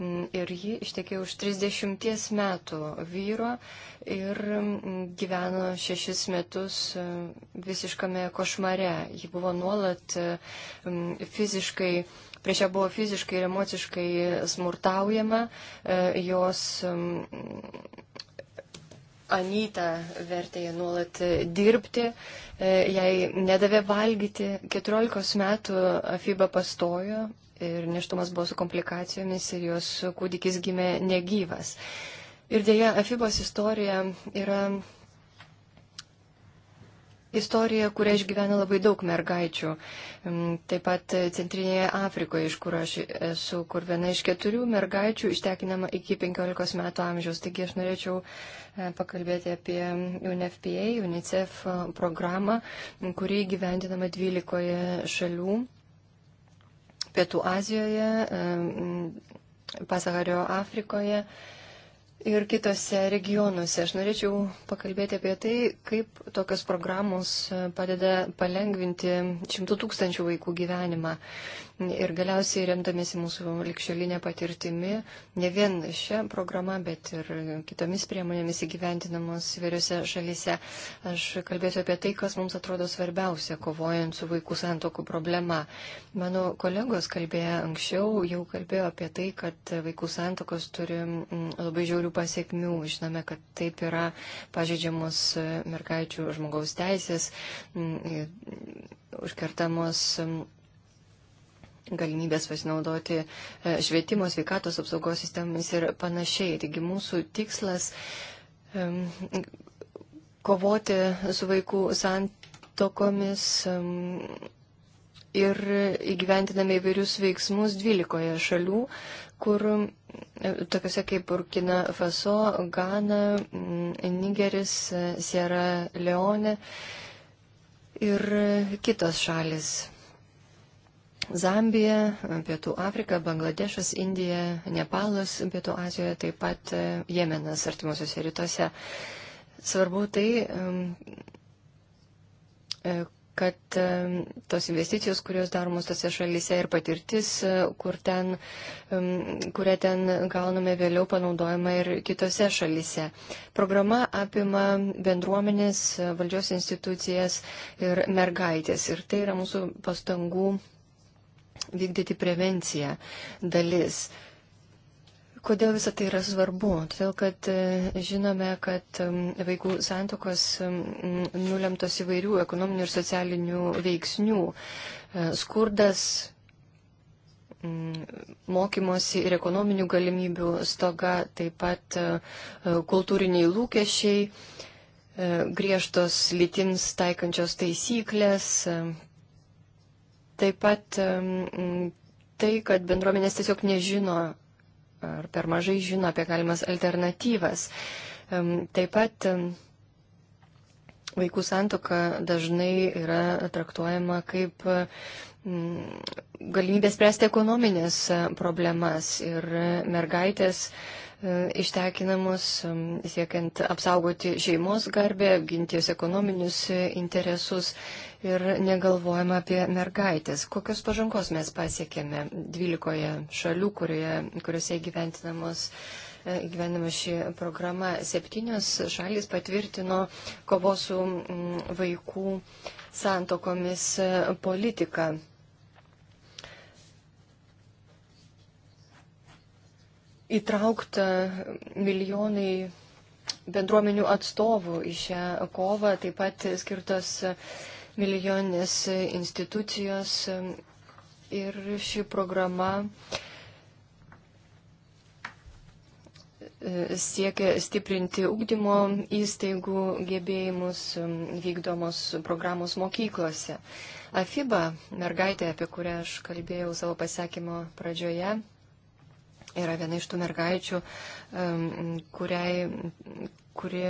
Mm, ir ji ištekėjo už 30 metų vyro ir mm, gyveno 6 metus mm, visiškame košmare. Ji buvo nuolat fiziškai. Prieš ją buvo fiziškai ir emociškai smurtaujama, e, jos Anyta vertė ją nuolat dirbti, e, jai nedavė valgyti. 14 metų Afiba pastojo ir neštumas buvo su komplikacijomis ir jos kūdikis gimė negyvas. Ir dėja, Afibos istorija yra istorija, kurią išgyvena labai daug mergaičių. Mm, taip pat Centrinėje Afrikoje, iš kur aš esu, kur viena iš keturių mergaičių ištekinama iki 15 metų amžiaus. Taigi aš norėčiau e, pakalbėti apie UNFPA, UNICEF e, programą, kuri gyventinama 12 šalių. Pietų Azijoje, e, Pasahario Afrikoje ir kitose regionuose. Aš norėčiau pakalbėti apie tai, kaip tokios programos padeda palengvinti šimtų tūkstančių vaikų gyvenimą. Ir galiausiai remdamėsi mūsų likščiolinė patirtimi, ne vien šią programą, bet ir kitomis priemonėmis įgyventinamos įvairiose šalyse, aš kalbėsiu apie tai, kas mums atrodo svarbiausia, kovojant su vaikų santokų problema. Mano kolegos kalbėjo anksčiau, jau kalbėjo apie tai, kad vaikų santokos turi labai žiaurių pasiekmių. Žinome, kad taip yra pažydžiamos mergaičių žmogaus teisės, užkertamos galimybės pasinaudoti e, švietimo, sveikatos apsaugos sistemomis ir panašiai. Taigi mūsų tikslas um, kovoti su vaikų santokomis. Um, ir įgyventiname įvairius veiksmus 12 šalių, kur e, tokiuose kaip Burkina Faso, Gana, mm, Nigeris, e, Sierra Leone ir kitos šalis. Zambija, Pietų Afrika, Bangladešas, Indija, Nepalas, Pietų Azijoje, taip pat e, Jemenas artimuosiuose rytuose. Svarbu tai, e, kad e, tos investicijos, kurios daromos tose šalyse ir patirtis, kur ten, kurią ten gauname vėliau panaudojama ir kitose šalyse. Programa apima bendruomenės, valdžios institucijas ir mergaitės. Ir tai yra mūsų pastangų vykdyti prevenciją dalis. Kodėl visą tai yra svarbu? Todėl, kad e, žinome, kad vaikų santokos nulemtos įvairių ekonominių ir socialinių veiksnių. E, skurdas, mokymosi ir ekonominių galimybių stoga, taip pat e, kultūriniai lūkesčiai, griežtos lytims taikančios taisyklės, Taip pat tai, kad bendruomenės tiesiog nežino ar per mažai žino apie galimas alternatyvas. Taip pat vaikų santoka dažnai yra traktuojama kaip galimybė spręsti ekonominės e, problemas ir e, mergaitės e, ištekinamos siekiant apsaugoti šeimos garbę, apginti jos ekonominius interesus ir negalvojama apie mergaitės. Kokios pažangos mes pasiekėme 12 šalių, kurioje, kuriuose įgyventinamos e, gyvenama ši programa. Septynios šalis patvirtino kovos su mm, vaikų santokomis e, politiką. Įtraukta milijonai bendruomenių atstovų į šią kovą, taip pat skirtos milijoninės institucijos ir ši programa e, siekia stiprinti ugdymo įstaigų gebėjimus vykdomos programos mokyklose. Afiba, mergaitė, apie kurią aš kalbėjau savo pasakymo pradžioje, yra viena iš tų mergaičių, kuriai, kuri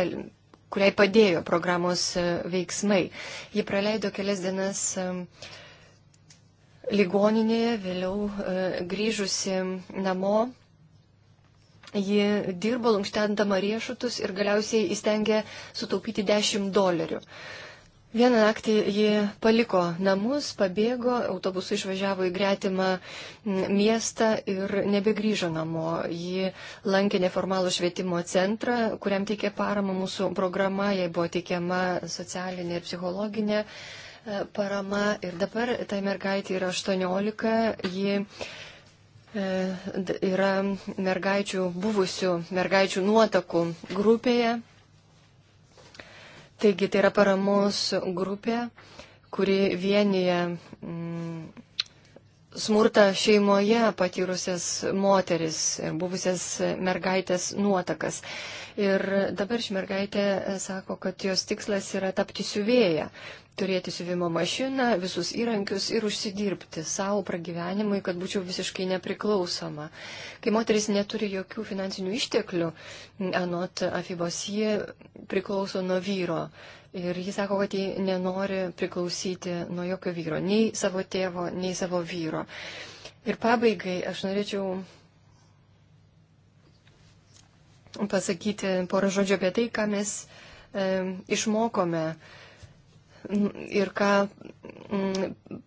dal, kuriai padėjo programos e, veiksmai. Ji praleido kelias dienas e, ligoninėje, vėliau e, grįžusi namo. Ji dirbo lankštendama riešutus ir galiausiai įstengė sutaupyti 10 dolerių. Uh, Vieną naktį ji paliko namus, pabėgo, autobusu išvažiavo į gretimą mm, miestą ir nebegrįžo namo. Ji lankė neformalų švietimo centrą, kuriam teikė paramą mūsų programa, jai buvo teikiama socialinė ir psichologinė e, parama. Ir dabar tai mergaitė yra 18, ji e, yra mergaičių, buvusių mergaičių nuotakų grupėje Taigi tai yra paramos grupė, kuri vienyje. Mm, smurtą šeimoje patyrusias moteris ir buvusias mergaitės nuotakas. Ir dabar ši mergaitė e, sako, kad jos tikslas yra tapti siuvėja, turėti siuvimo mašiną, visus įrankius ir užsidirbti savo pragyvenimui, kad būčiau visiškai nepriklausoma. Kai moteris neturi jokių finansinių išteklių, anot Afibos, jie priklauso nuo vyro Ir jis sako, kad ji nenori priklausyti nuo jokio vyro, nei savo tėvo, nei savo vyro. Ir pabaigai aš norėčiau pasakyti porą žodžių apie tai, ką mes e, išmokome ir ką, m,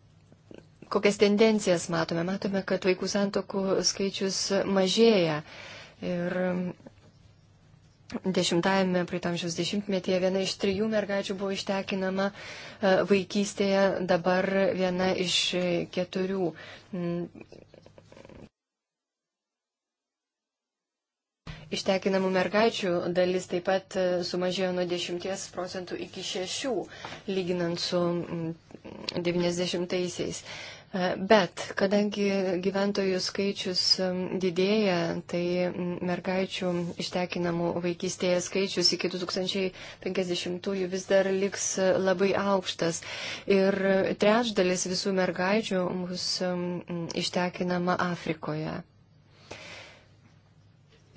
kokias tendencijas matome. Matome, kad vaikų santokų skaičius mažėja. Ir Dešimtajame praeitamžiaus dešimtmetyje viena iš trijų mergaičių buvo ištekinama e, vaikystėje, dabar viena iš e, keturių. Mm. Ištekinamų mergaičių dalis taip pat e, sumažėjo nuo 10 procentų iki 6, lyginant su 90-aisiais. Mm, Bet kadangi gyventojų skaičius didėja, tai mergaičių ištekinamų vaikystėje skaičius iki 2050-ųjų vis dar liks e, labai aukštas. Ir trečdalis visų mergaičių bus ištekinama Afrikoje.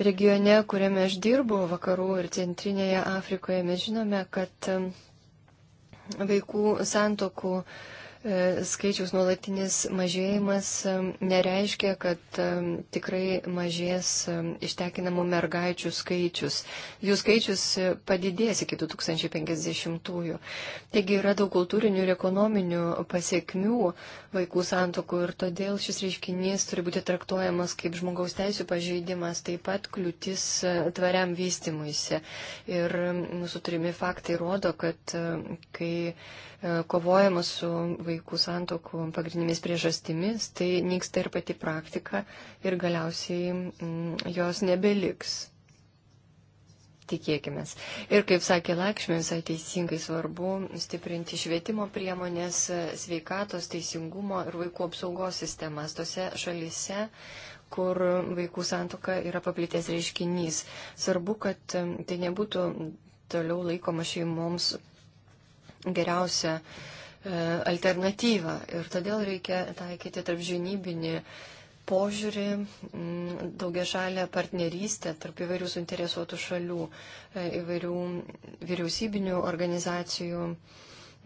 Regione, kuriame aš dirbu, vakarų ir centrinėje Afrikoje, mes žinome, kad vaikų santokų uh, E, skaičiaus nuolatinis mažėjimas e, nereiškia, kad e, tikrai mažės ištekinamų mergaičių skaičius. Jų skaičius padidės iki 2050-ųjų. Taigi yra daug kultūrinių ir ekonominių pasiekmių vaikų santokų ir todėl šis reiškinys turi būti traktuojamas kaip žmogaus teisų pažeidimas, taip pat kliūtis tvariam vystimuisi. Ir mūsų turimi faktai rodo, kad kai E, kovojama su vaikų santokų pagrindinėmis priežastimis, tai nyksta ir pati praktika ir galiausiai mm, jos nebeliks. Tikėkime. Ir kaip sakė Lakšmė, visai teisingai svarbu stiprinti švietimo priemonės, sveikatos, teisingumo ir vaikų apsaugos sistemas tose šalise, kur vaikų santoka yra paplitęs reiškinys. Svarbu, kad e, tai nebūtų toliau laikoma šeimoms geriausia e, alternatyva. Ir todėl reikia taikyti tarpžinybinį požiūrį, daugia šalę partnerystę tarp įvairių suinteresuotų šalių, e, įvairių vyriausybinių organizacijų,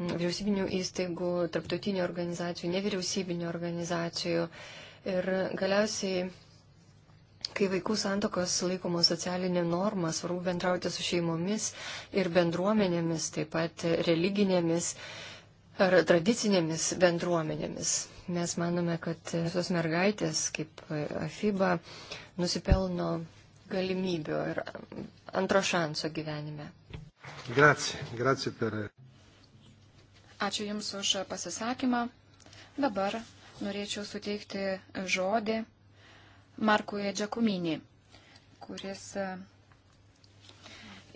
vyriausybinių įstaigų, tarptautinių organizacijų, nevyriausybinių organizacijų. Ir galiausiai Kai vaikų santokos laikomos socialinė norma, svarbu bendrauti su šeimomis ir bendruomenėmis, taip pat religinėmis ar tradicinėmis bendruomenėmis. Mes manome, kad visos mergaitės, kaip Afiba, nusipelno galimybių ir antro šanso gyvenime. Grazie, grazie per. Ačiū Jums už pasisakymą. Dabar norėčiau suteikti žodį Markui Džakuminį, kuris e,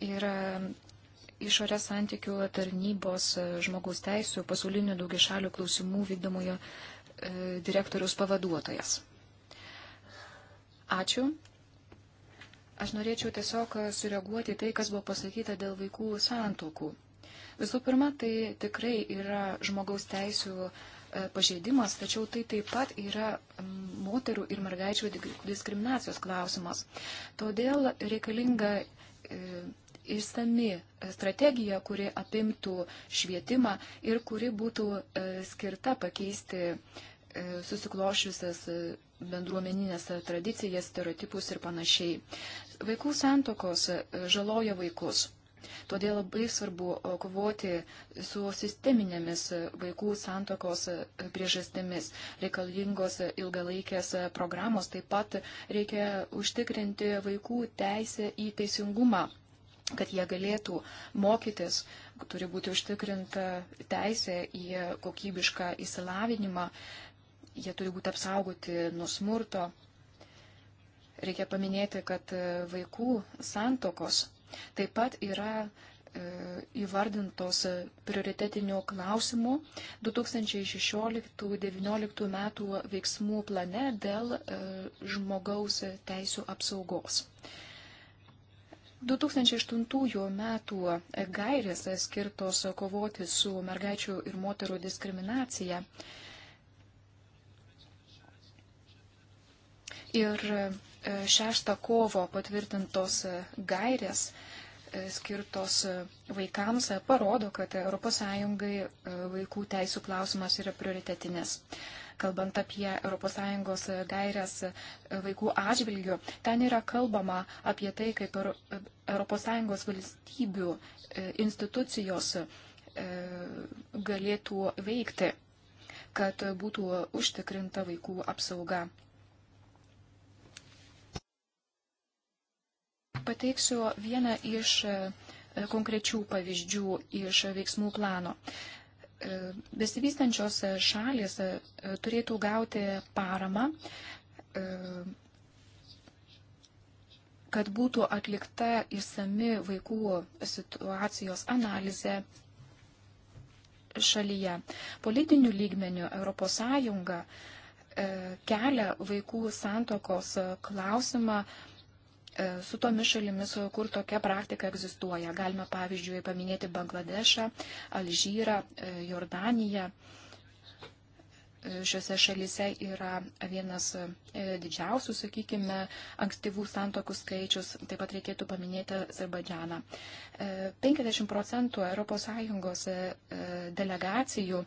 yra išorės santykių tarnybos e, žmogaus teisų pasaulinių daugišalių klausimų vykdomojo e, direktoriaus pavaduotojas. Ačiū. Aš norėčiau tiesiog sureaguoti tai, kas buvo pasakyta dėl vaikų santokų. Visų pirma, tai tikrai yra žmogaus teisų E, pažeidimas, tačiau tai taip pat yra moterų ir mergaičių diskriminacijos klausimas. Todėl reikalinga įsami e, e, strategija, kuri apimtų švietimą ir kuri būtų skirta pakeisti susiklošiusias bendruomeninės tradicijas, stereotipus ir panašiai. Vaikų santokos žaloja vaikus. Todėl labai svarbu kovoti su sisteminėmis vaikų santokos e, priežastimis. Reikalingos e, ilgalaikės e, programos taip pat reikia užtikrinti vaikų teisę į teisingumą kad jie galėtų mokytis, turi būti užtikrinta teisė į kokybišką įsilavinimą, jie turi būti apsaugoti nuo smurto. Reikia paminėti, kad vaikų santokos Taip pat yra e, įvardintos prioritetinių klausimų 2016-2019 metų veiksmų plane dėl e, žmogaus teisų apsaugos. 2008 metų gairės skirtos kovoti su mergaičių ir moterų diskriminacija. Ir 6 kovo patvirtintos gairės e, skirtos vaikams e, parodo, kad ES e, vaikų teisų klausimas yra prioritetinis. Kalbant apie ES gairias vaikų atžvilgių, ten yra kalbama apie tai, kaip ES valstybių institucijos galėtų veikti, kad būtų užtikrinta vaikų apsauga. Pateiksiu vieną iš e, konkrečių pavyzdžių iš veiksmų plano. E, besivystančios šalis e, turėtų gauti paramą, kad būtų atlikta įsami vaikų situacijos analizė šalyje. Politinių lygmenių ES kelia vaikų santokos klausimą E, su tomis šalimis, kur tokia praktika egzistuoja. Galime pavyzdžiui paminėti Bangladešą, Alžyrą, e, Jordaniją. E, Šiuose šalyse yra vienas didžiausių, sakykime, ankstyvų santokų skaičius. Taip pat reikėtų paminėti Azerbaidžianą. 50 procentų ES delegacijų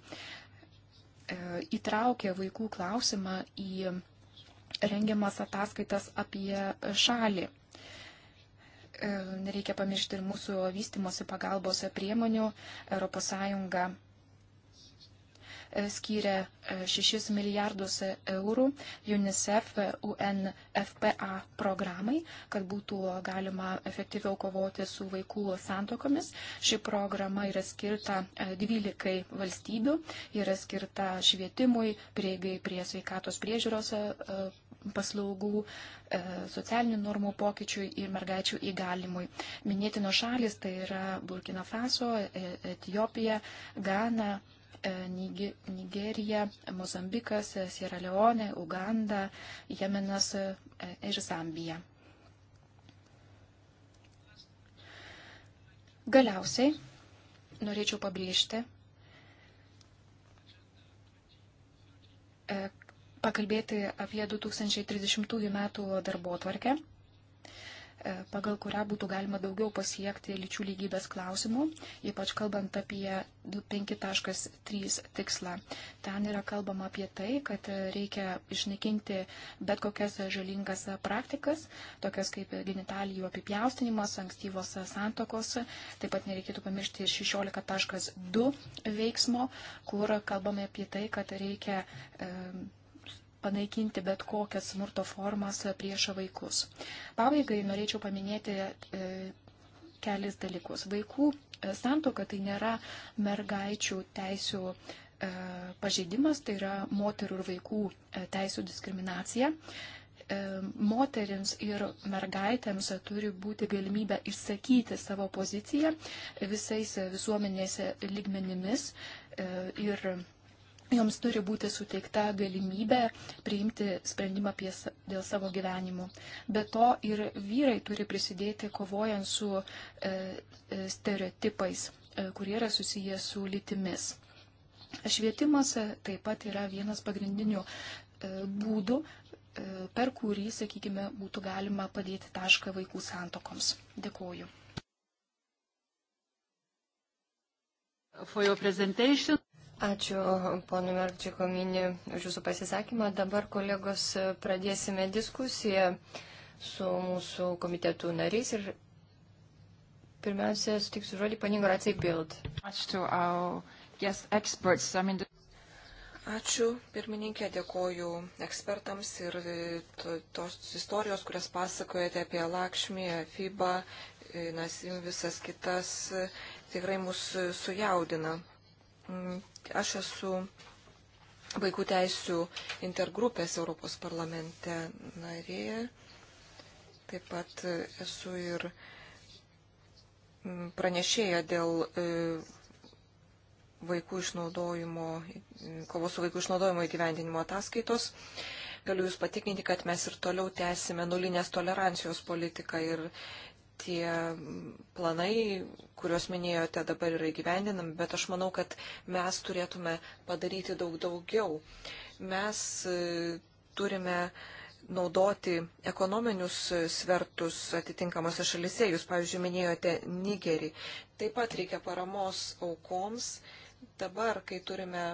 įtraukė vaikų klausimą į rengiamas ataskaitas apie šalį. Nereikia pamiršti ir mūsų vystimosi pagalbos priemonių. ES E, skyrė 6 e, milijardus eurų UNICEF UNFPA programai, kad būtų galima efektyviau kovoti su vaikų santokomis. Ši programa yra skirta 12 e, valstybių, yra skirta švietimui, prieigai prie sveikatos priežiūros paslaugų, socialinių normų pokyčių ir mergaičių įgalimui. Minėtino šalis tai yra Burkina Faso, Etijopija, Gana, E, Nigerija, Mozambikas, e, Sierra Leone, Uganda, Jemenas e, ir Zambija. Galiausiai norėčiau pabrėžti, pakalbėti apie 2030 metų darbo tvarkę E, pagal kurią būtų galima daugiau pasiekti lyčių lygybės klausimų, ypač kalbant apie 5.3 tikslą. Ten yra kalbama apie tai, kad reikia išnaikinti bet kokias žalingas praktikas, tokias kaip genitalijų apipjaustinimas, ankstyvos santokos, taip pat nereikėtų pamiršti 16.2 veiksmo, kur kalbame apie tai, kad reikia e, panaikinti bet kokias smurto formas prieš vaikus. Pabaigai norėčiau paminėti e, kelis dalykus. Vaikų e, santoka tai nėra mergaičių teisių e, pažeidimas, tai yra moterų ir vaikų teisų diskriminacija. Moterims ir mergaitėms turi būti galimybė išsakyti savo poziciją visais visuomenėse lygmenimis ir joms turi būti suteikta galimybė priimti sprendimą apie, dėl savo gyvenimų. Be to ir vyrai turi prisidėti kovojant su e, e stereotipais, e, kurie yra susiję su lytimis. Švietimas e, taip pat yra vienas pagrindinių e, būdų, e, per kurį, sakykime, būtų galima padėti tašką vaikų santokoms. Dėkuoju. For your presentation. Ačiū, ponu Merkčiai Komini, už Jūsų pasisakymą. Dabar, kolegos, pradėsime diskusiją su mūsų komitetų nariais ir pirmiausia, sutiksiu žodį panigracijai Bild. Ačiū, yes, experts. I mean, the... Ačiū, pirmininkė, dėkoju ekspertams ir e, tos istorijos, kurias pasakojate apie Lakšmį, FIBA, e, Nasim, visas kitas, e, tikrai mus sujaudina. Mm, aš esu vaikų teisų intergrupės Europos parlamente narė. Taip pat esu ir mm, pranešėja dėl e, vaikų išnaudojimo, kovos su vaikų išnaudojimo įgyvendinimo ataskaitos. Galiu Jūs patikinti, kad mes ir toliau tęsime nulinės tolerancijos politiką ir tie planai, kuriuos minėjote, dabar yra įgyvendinami, bet aš manau, kad mes turėtume padaryti daug daugiau. Mes e, turime naudoti ekonominius svertus atitinkamose šalise. Jūs, pavyzdžiui, minėjote Nigerį. Taip pat reikia paramos aukoms. Dabar, kai turime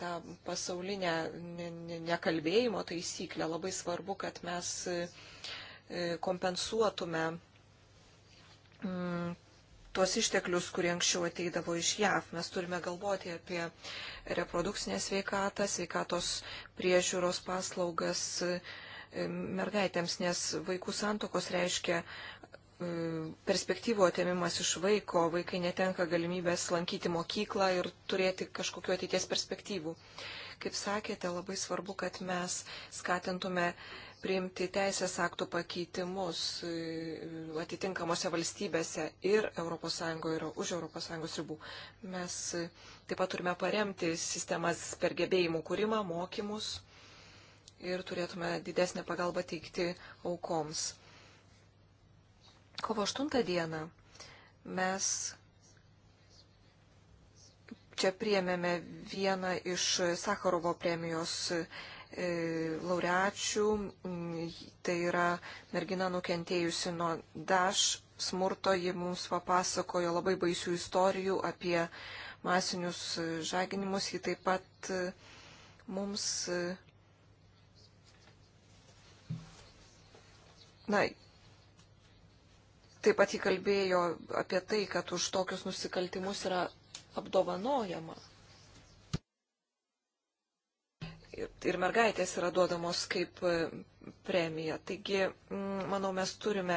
tą pasaulinę nekalbėjimo taisyklę, labai svarbu, kad mes e, kompensuotume mm, tuos išteklius, kurie anksčiau ateidavo iš JAV. Mes turime galvoti apie reprodukcinę sveikatą, sveikatos priežiūros paslaugas mm, mergaitėms, nes vaikų santokos reiškia mm, perspektyvų atėmimas iš vaiko, vaikai netenka galimybės lankyti mokyklą ir turėti kažkokiu ateities perspektyvų. Kaip sakėte, labai svarbu, kad mes skatintume priimti teisės aktų pakeitimus e, atitinkamose valstybėse ir ES ir už ES ribų. Mes e, taip pat turime paremti sistemas per gebėjimų kūrimą, mokymus ir turėtume didesnę pagalbą teikti aukoms. Kovo 8 dieną mes čia priėmėme vieną iš Sakarovo premijos E, laureačių, tai yra mergina nukentėjusi nuo DAŠ smurto, ji mums papasakojo labai baisių istorijų apie masinius žaginimus, ji taip pat e, mums. E, na, taip pat ji kalbėjo apie tai, kad už tokius nusikaltimus yra apdovanojama ir mergaitės yra duodamos kaip e, premija. Taigi, manau, mes turime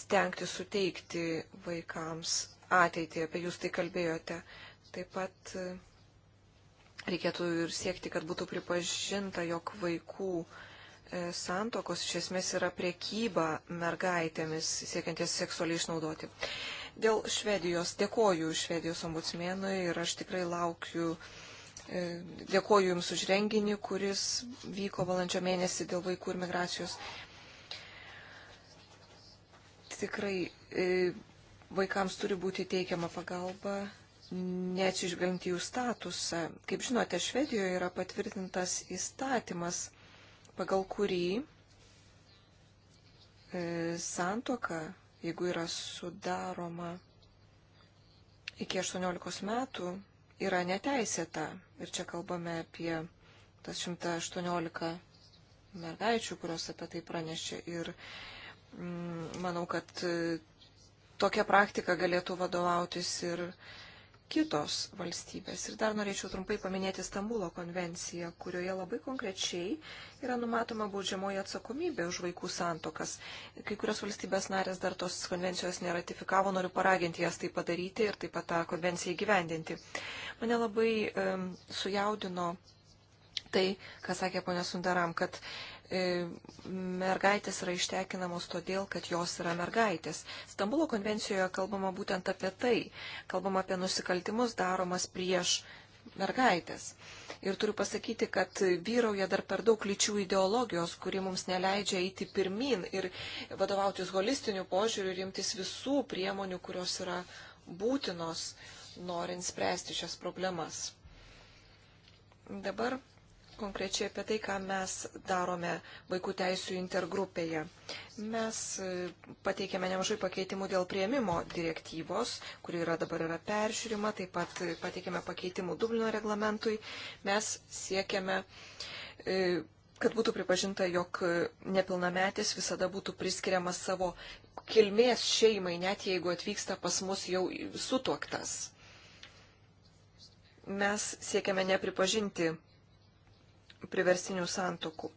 stengti suteikti vaikams ateitį, apie jūs tai kalbėjote. Taip pat e, reikėtų ir siekti, kad būtų pripažinta, jog vaikų e, santokos iš esmės yra priekyba mergaitėmis, siekiantis seksualiai išnaudoti. Dėl Švedijos dėkoju Švedijos ombudsmenui ir aš tikrai laukiu uh, E, dėkoju Jums už renginį, kuris vyko valandžio mėnesį dėl vaikų ir migracijos. Tikrai e, vaikams turi būti teikiama pagalba, neatsižvelgiant į jų statusą. Kaip žinote, Švedijoje yra patvirtintas įstatymas, pagal kurį e, santoka, jeigu yra sudaroma iki 18 metų, yra neteisėta. Ir čia kalbame apie tas 118 mergaičių, kurios apie tai pranešė. Ir mm, manau, kad e, tokia praktika galėtų vadovautis ir kitos valstybės. Ir dar norėčiau trumpai paminėti Stambulo konvenciją, kurioje labai konkrečiai yra numatoma baudžiamoji atsakomybė už vaikų santokas. Kai kurios valstybės narės dar tos konvencijos neratifikavo, noriu paraginti jas tai padaryti ir taip pat tą konvenciją įgyvendinti. Mane labai um, sujaudino tai, ką sakė ponė Sundaram, kad E, mergaitės yra ištekinamos todėl, kad jos yra mergaitės. Stambulo konvencijoje kalbama būtent apie tai. Kalbama apie nusikaltimus daromas prieš mergaitės. Ir turiu pasakyti, kad vyrauja dar per daug lyčių ideologijos, kuri mums neleidžia eiti pirmin ir vadovautis holistiniu požiūriu ir imtis visų priemonių, kurios yra būtinos, norint spręsti šias problemas. Dabar konkrečiai apie tai, ką mes darome vaikų teisų intergrupėje. Mes e, pateikėme nemažai pakeitimų dėl prieimimo direktyvos, kuri yra dabar yra peržiūrima, taip pat pateikėme pakeitimų Dublino reglamentui. Mes siekiame, e, kad būtų pripažinta, jog nepilnametis visada būtų priskiriamas savo kilmės šeimai, net jeigu atvyksta pas mus jau sutuoktas. Mes siekiame nepripažinti priversinių santokų.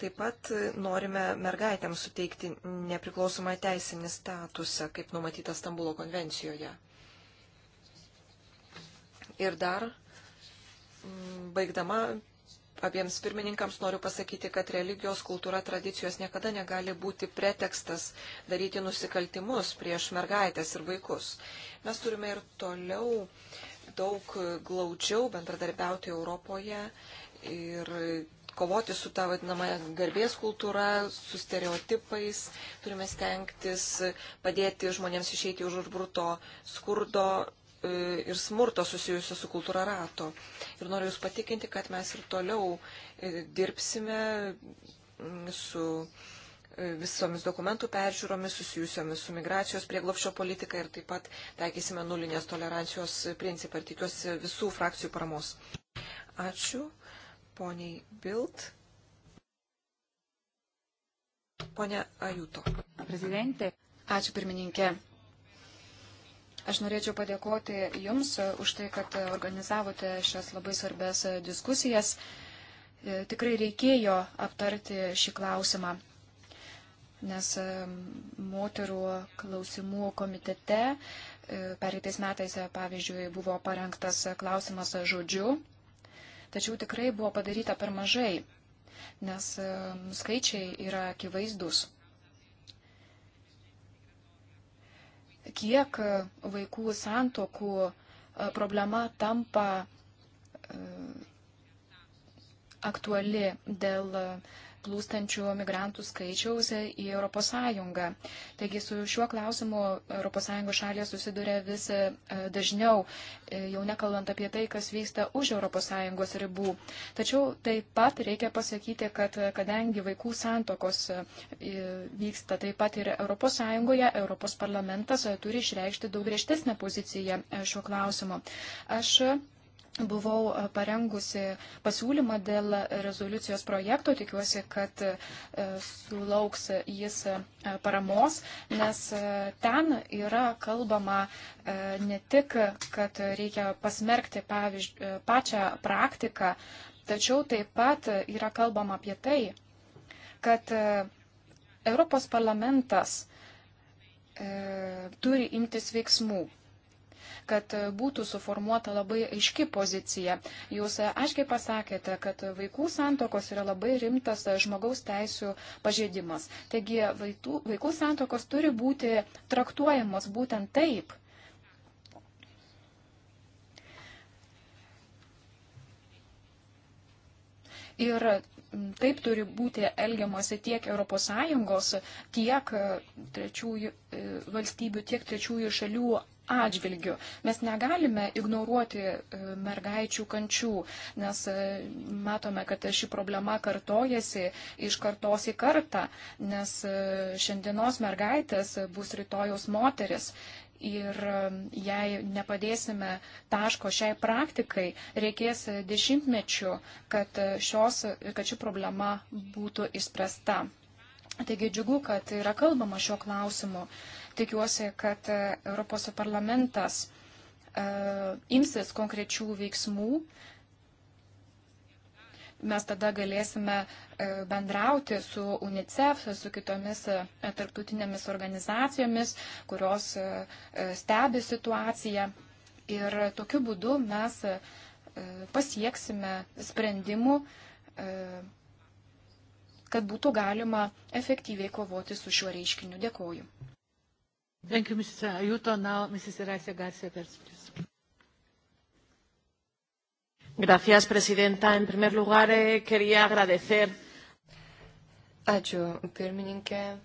Taip pat norime mergaitėms suteikti nepriklausomą teisinį statusą, kaip numatyta Stambulo konvencijoje. Ir dar, mm, baigdama, abiems pirmininkams noriu pasakyti, kad religijos kultūra tradicijos niekada negali būti pretekstas daryti nusikaltimus prieš mergaitės ir vaikus. Mes turime ir toliau daug glaudžiau bendradarbiauti Europoje ir kovoti su tą vadinamąją garbės kultūra, su stereotipais, turime stengtis padėti žmonėms išeiti už užbruto skurdo e, ir smurto susijusio su kultūra rato. Ir noriu Jūs patikinti, kad mes ir toliau e, dirbsime su e, visomis dokumentų peržiūromis susijusiomis su migracijos prieglopščio politika ir taip pat taikysime nulinės tolerancijos principą ir tikiuosi visų frakcijų paramos. Ačiū poniai Bild. Pone Ajuto. Prezidentė. Ačiū pirmininkė. Aš norėčiau padėkoti Jums už tai, kad organizavote šias labai svarbės diskusijas. E, tikrai reikėjo aptarti šį klausimą, nes e, moterų klausimų komitete e, pereitais metais, pavyzdžiui, buvo parengtas klausimas žodžiu tačiau tikrai buvo padaryta per mažai, nes e, skaičiai yra akivaizdus. Kiek vaikų santokų e, problema tampa e, aktuali dėl plūstančių migrantų skaičiaus į ES. Taigi su šiuo klausimu ES šalės susiduria vis e, dažniau, e, jau nekalbant apie tai, kas vyksta už ES ribų. Tačiau taip pat reikia pasakyti, kad kadangi vaikų santokos e, vyksta taip pat ir ES, ES parlamentas turi išreikšti daug griežtesnę poziciją šiuo klausimu. Aš buvau parengusi pasiūlymą dėl rezoliucijos projekto, tikiuosi, kad sulauks jis paramos, nes ten yra kalbama ne tik, kad reikia pasmerkti pačią praktiką, tačiau taip pat yra kalbama apie tai, kad Europos parlamentas turi imtis veiksmų kad būtų suformuota labai aiški pozicija. Jūs aiškiai pasakėte, kad vaikų santokos yra labai rimtas žmogaus teisų pažeidimas. Taigi vaikų, vaikų santokos turi būti traktuojamos būtent taip. Ir taip turi būti elgiamasi tiek ES, tiek trečiųjų e, valstybių, tiek trečiųjų šalių atžvilgiu. Mes negalime ignoruoti e, mergaičių kančių, nes e, matome, kad ši problema kartojasi iš kartos į kartą, nes e, šiandienos mergaitės bus rytojaus moteris. Ir jei nepadėsime taško šiai praktikai, reikės dešimtmečių, kad, šios, kad ši problema būtų išspręsta. Taigi džiugu, kad yra kalbama šiuo klausimu. Tikiuosi, kad e, Europos parlamentas e, imsis konkrečių veiksmų. Mes tada galėsime e, bendrauti su UNICEF, su kitomis tarptautinėmis organizacijomis, kurios stebi situaciją. Ir tokiu būdu mes pasieksime sprendimų, kad būtų galima efektyviai kovoti su šiuo reiškiniu. Dėkoju. Thank you, Mrs. Ayuto. Now, Mrs. Iracia Garcia Pérez, please. Gracias, presidenta. En primer lugar, eh, quería agradecer. Ačiū, pirmininkė.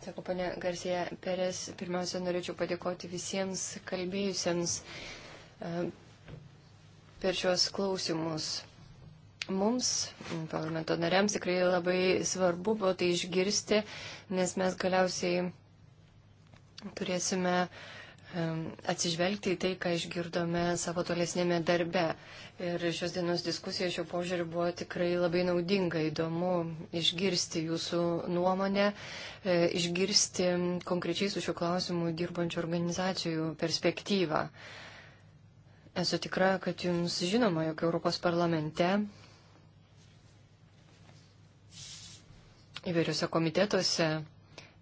Sako, ponė Garcija Pérez, pirmiausia, norėčiau padėkoti visiems kalbėjusiems e, per šios klausimus mums, parlamento nariams, tikrai labai svarbu buvo tai išgirsti, nes mes galiausiai turėsime atsižvelgti į tai, ką išgirdome savo tolesnėme darbe. Ir šios dienos diskusija šio požiūriu buvo tikrai labai naudinga, įdomu išgirsti jūsų nuomonę, e, išgirsti konkrečiai su šiuo klausimu dirbančių organizacijų perspektyvą. Esu tikra, kad jums žinoma, jog Europos parlamente įvairiuose komitetuose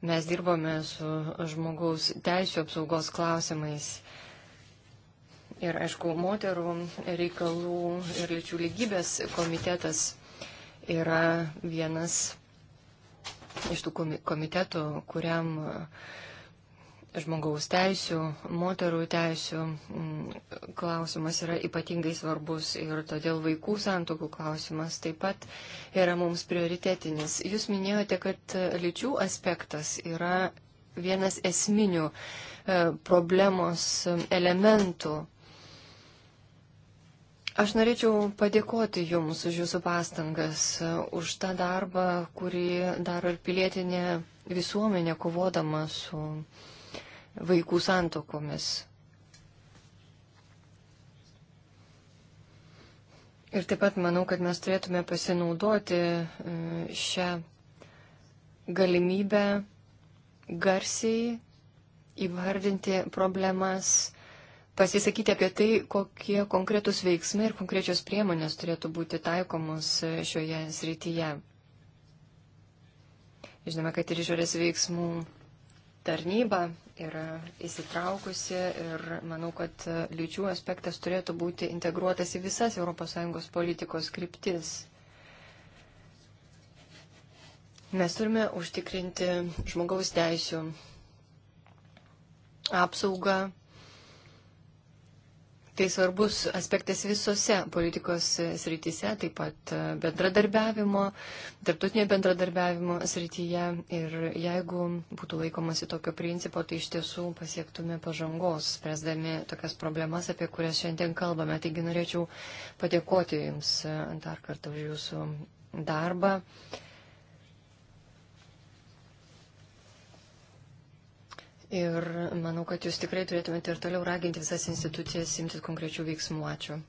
Mes dirbome su žmogaus teisų apsaugos klausimais. Ir, aišku, moterų reikalų ir lyčių lygybės komitetas yra vienas iš tų komitetų, kuriam uh, žmogaus teisų, moterų teisų mm, klausimas yra ypatingai svarbus ir todėl vaikų santokų klausimas taip pat yra mums prioritetinis. Jūs minėjote, kad lyčių aspektas yra vienas esminių e, problemos elementų. Aš norėčiau padėkoti Jums už Jūsų pastangas, už tą darbą, kurį daro ir pilietinė visuomenė kovodama su uh, vaikų santokomis. Ir taip pat manau, kad mes turėtume pasinaudoti e, šią galimybę garsiai įvardinti problemas, pasisakyti apie tai, kokie konkretus veiksmai ir konkrečios priemonės turėtų būti taikomos e, šioje srityje. Žinome, kad ir išorės veiksmų tarnyba yra įsitraukusi ir manau, kad lyčių aspektas turėtų būti integruotas į visas ES politikos kryptis. Mes turime užtikrinti žmogaus teisų apsaugą Tai svarbus aspektas visose politikos srityse, taip pat e, bendradarbiavimo, tarptautinio bendradarbiavimo srityje. Ir jeigu būtų laikomasi tokio principo, tai iš tiesų pasiektume pažangos, spręsdami tokias problemas, apie kurias šiandien kalbame. Taigi norėčiau padėkoti Jums e, dar kartą už Jūsų darbą. Uh, Ir manau, kad jūs tikrai turėtumėte ir toliau raginti visas institucijas imtis konkrečių veiksmų. Ačiū.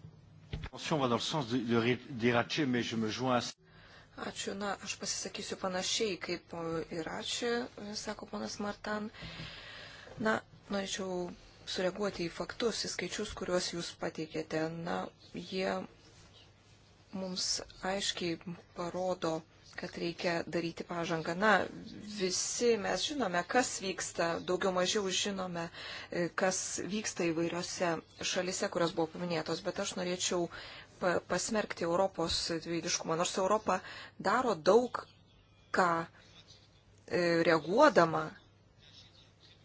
Ačiū, na, aš pasisakysiu panašiai, kaip ir ačiū, sako ponas Martan. Na, norėčiau sureaguoti į faktus, į skaičius, kuriuos jūs pateikėte. Na, jie mums aiškiai parodo, kad reikia daryti pažangą. Na, visi mes žinome, kas vyksta, daugiau mažiau žinome, e, kas vyksta įvairiose šalise, kurios buvo paminėtos, bet aš norėčiau pasmerkti Europos dvidiškumą. Nors Europa daro daug ką e, reaguodama,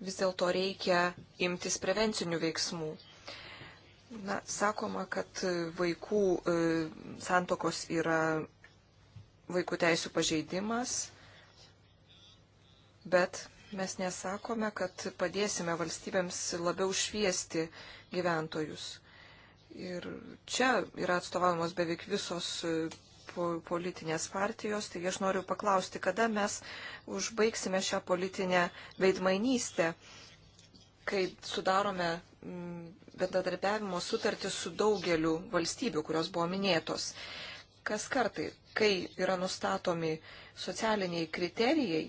vis dėlto reikia imtis prevencinių veiksmų. Na, sakoma, kad vaikų e, santokos yra vaikų teisų pažeidimas, bet mes nesakome, kad padėsime valstybėms labiau šviesti gyventojus. Ir čia yra atstovavimas beveik visos e, politinės partijos, tai aš noriu paklausti, kada mes užbaigsime šią politinę veidmainystę, kai sudarome mm, bendradarbiavimo sutartį su daugeliu valstybių, kurios buvo minėtos. Kas kartai kai yra nustatomi socialiniai kriterijai,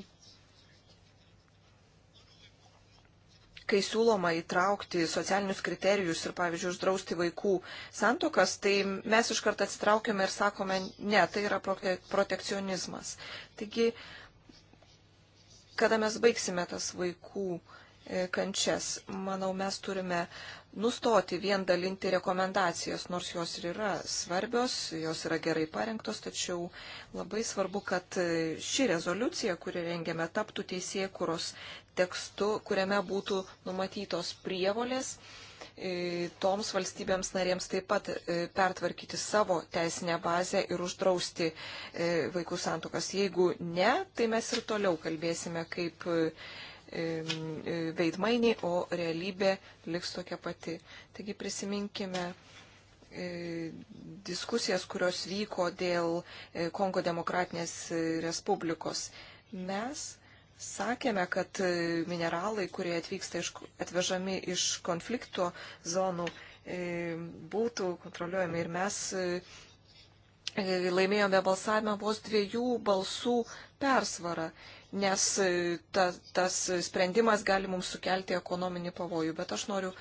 kai siūloma įtraukti socialinius kriterijus ir, pavyzdžiui, uždrausti vaikų santokas, tai mes iškart atsitraukiame ir sakome, ne, tai yra protekcionizmas. Taigi, kada mes baigsime tas vaikų e, kančias, manau, mes turime nustoti vien dalinti rekomendacijas, nors jos ir yra svarbios, jos yra gerai parengtos, tačiau labai svarbu, kad ši rezoliucija, kurią rengėme, taptų teisėkuros tekstu, kuriame būtų numatytos prievolės e, toms valstybėms narėms taip pat e, pertvarkyti savo teisinę bazę ir uždrausti e, vaikų santokas. Jeigu ne, tai mes ir toliau kalbėsime kaip E, veidmainiai, o realybė liks tokia pati. Taigi prisiminkime e, diskusijas, kurios vyko dėl e, Kongo demokratinės respublikos. Mes sakėme, kad mineralai, kurie atvyksta iš, atvežami iš konflikto zonų, būtų kontroliuojami ir mes E, laimėjome balsavimą vos dviejų balsų persvarą, nes e, ta, tas sprendimas gali mums sukelti ekonominį pavojų. Bet aš noriu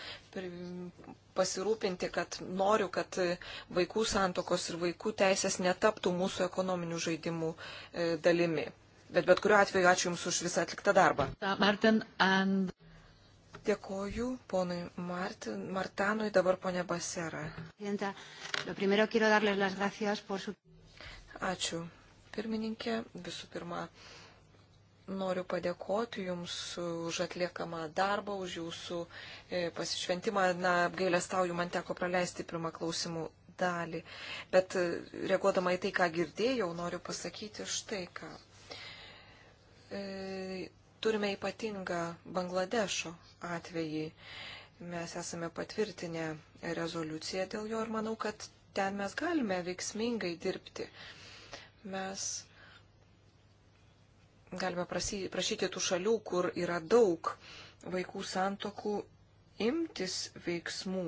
pasirūpinti, kad noriu, kad e, vaikų santokos ir vaikų teisės netaptų mūsų ekonominių žaidimų dalimi. Bet bet kuriuo atveju ačiū Jums už visą atliktą darbą. Martin and... Dėkoju ponui Martin, Martanui, dabar ponė Basera. Ačiū, pirmininkė. Visų pirma, noriu padėkoti Jums už atliekamą darbą, už Jūsų e, pasišventimą. Na, apgailestauju, man teko praleisti pirmą klausimų dalį. Bet e, reaguodama į tai, ką girdėjau, noriu pasakyti štai ką. E Turime ypatingą Bangladešo atvejį. Mes esame patvirtinę rezoliuciją dėl jo ir manau, kad ten mes galime veiksmingai dirbti. Mes galime prašyti tų šalių, kur yra daug vaikų santokų, imtis veiksmų,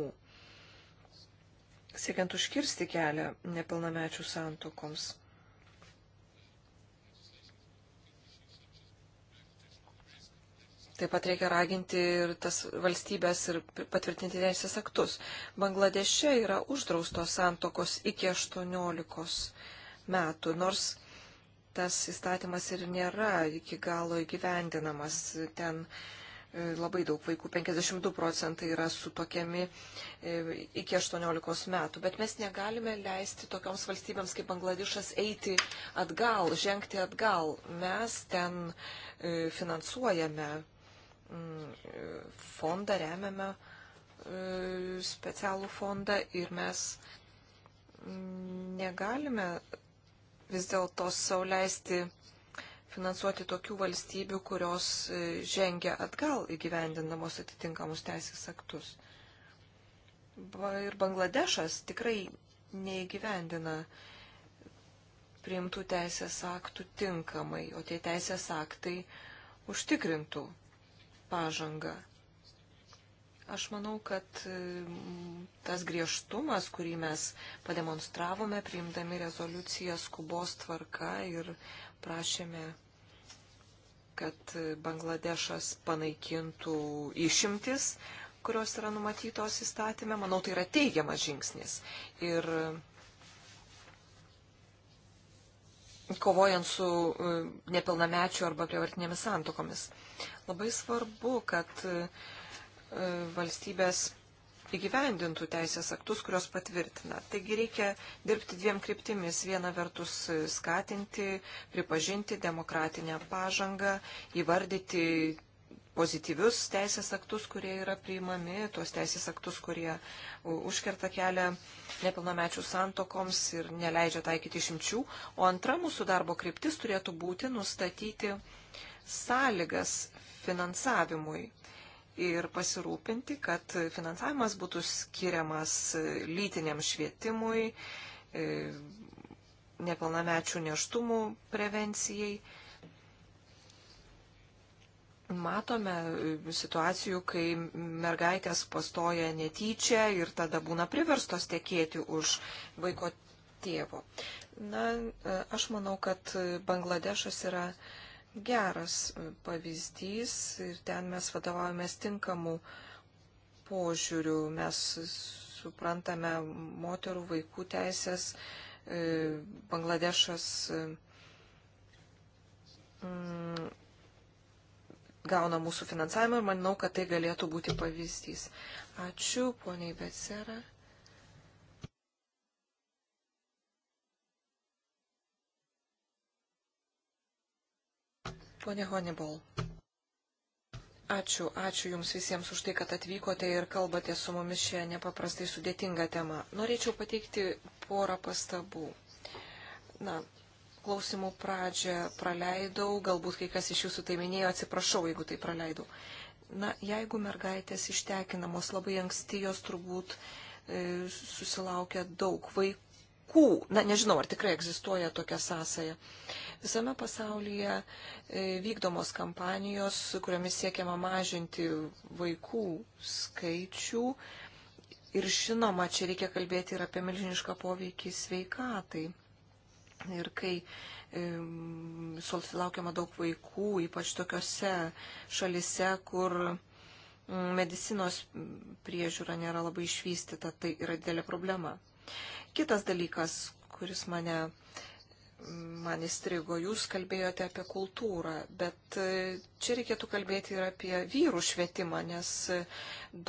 siekiant užkirsti kelią nepilnamečių santokoms. Taip pat reikia raginti ir tas valstybės ir patvirtinti teisės aktus. Bangladeše yra uždraustos santokos iki 18 metų, nors tas įstatymas ir nėra iki galo įgyvendinamas. Ten e, labai daug vaikų, 52 procentai yra sutokiami e, iki 18 metų. Bet mes negalime leisti tokioms valstybėms kaip Bangladešas eiti atgal, žengti atgal. Mes ten e, finansuojame Mm, fondą, remiame e, specialų fondą ir mes negalime vis dėlto sauliaisti finansuoti tokių valstybių, kurios e, žengia atgal įgyvendindamos atitinkamus teisės aktus. Ir Bangladešas tikrai neįgyvendina priimtų teisės aktų tinkamai, o tie teisės aktai užtikrintų pažangą. Aš manau, kad e, tas griežtumas, kurį mes pademonstravome, priimdami rezoliuciją skubos tvarka ir prašėme, kad e, Bangladešas panaikintų išimtis, kurios yra numatytos įstatymė, manau, tai yra teigiamas žingsnis. Ir e, kovojant su nepilnamečiu arba prievartinėmis santokomis. Labai svarbu, kad e, valstybės įgyvendintų teisės aktus, kurios patvirtina. Taigi reikia dirbti dviem kryptimis. Viena vertus skatinti, pripažinti demokratinę pažangą, įvardyti pozityvius teisės aktus, kurie yra priimami, tuos teisės aktus, kurie užkerta kelią nepilnamečių santokoms ir neleidžia taikyti išimčių. O antra mūsų darbo kryptis turėtų būti nustatyti sąlygas finansavimui ir pasirūpinti, kad finansavimas būtų skiriamas lytiniam švietimui, e, nepilnamečių neštumų prevencijai. Matome situacijų, kai mergaitės pastoja netyčia ir tada būna priverstos tekėti už vaiko tėvo. Na, e, aš manau, kad Bangladešas yra geras e, pavyzdys ir ten mes vadovaujamės tinkamų požiūrių. Mes suprantame moterų vaikų teisės. E, Bangladešas e, mm, gauna mūsų finansavimą ir manau, kad tai galėtų būti pavyzdys. Ačiū, poniai Becera. Pone Honibol. Ačiū, ačiū Jums visiems už tai, kad atvykote ir kalbate su mumis šią nepaprastai sudėtingą temą. Norėčiau pateikti porą pastabų. Na, klausimų pradžią praleidau, galbūt kai kas iš Jūsų tai minėjo, atsiprašau, jeigu tai praleidau. Na, jeigu mergaitės ištekinamos labai anksti, jos turbūt e, susilaukia daug vaikų. Na, nežinau, ar tikrai egzistuoja tokia sąsaja. E, Visame pasaulyje e, vykdomos kampanijos, kuriomis siekiama mažinti vaikų skaičių. Ir žinoma, čia reikia kalbėti ir apie milžinišką poveikį sveikatai. Ir kai e, sulaukiama daug vaikų, ypač tokiose šalise, kur medicinos priežiūra nėra labai išvystyta, tai yra didelė problema. Kitas dalykas, kuris mane man įstrigo. Jūs kalbėjote apie kultūrą, bet e, čia reikėtų kalbėti ir apie vyrų švietimą, nes e,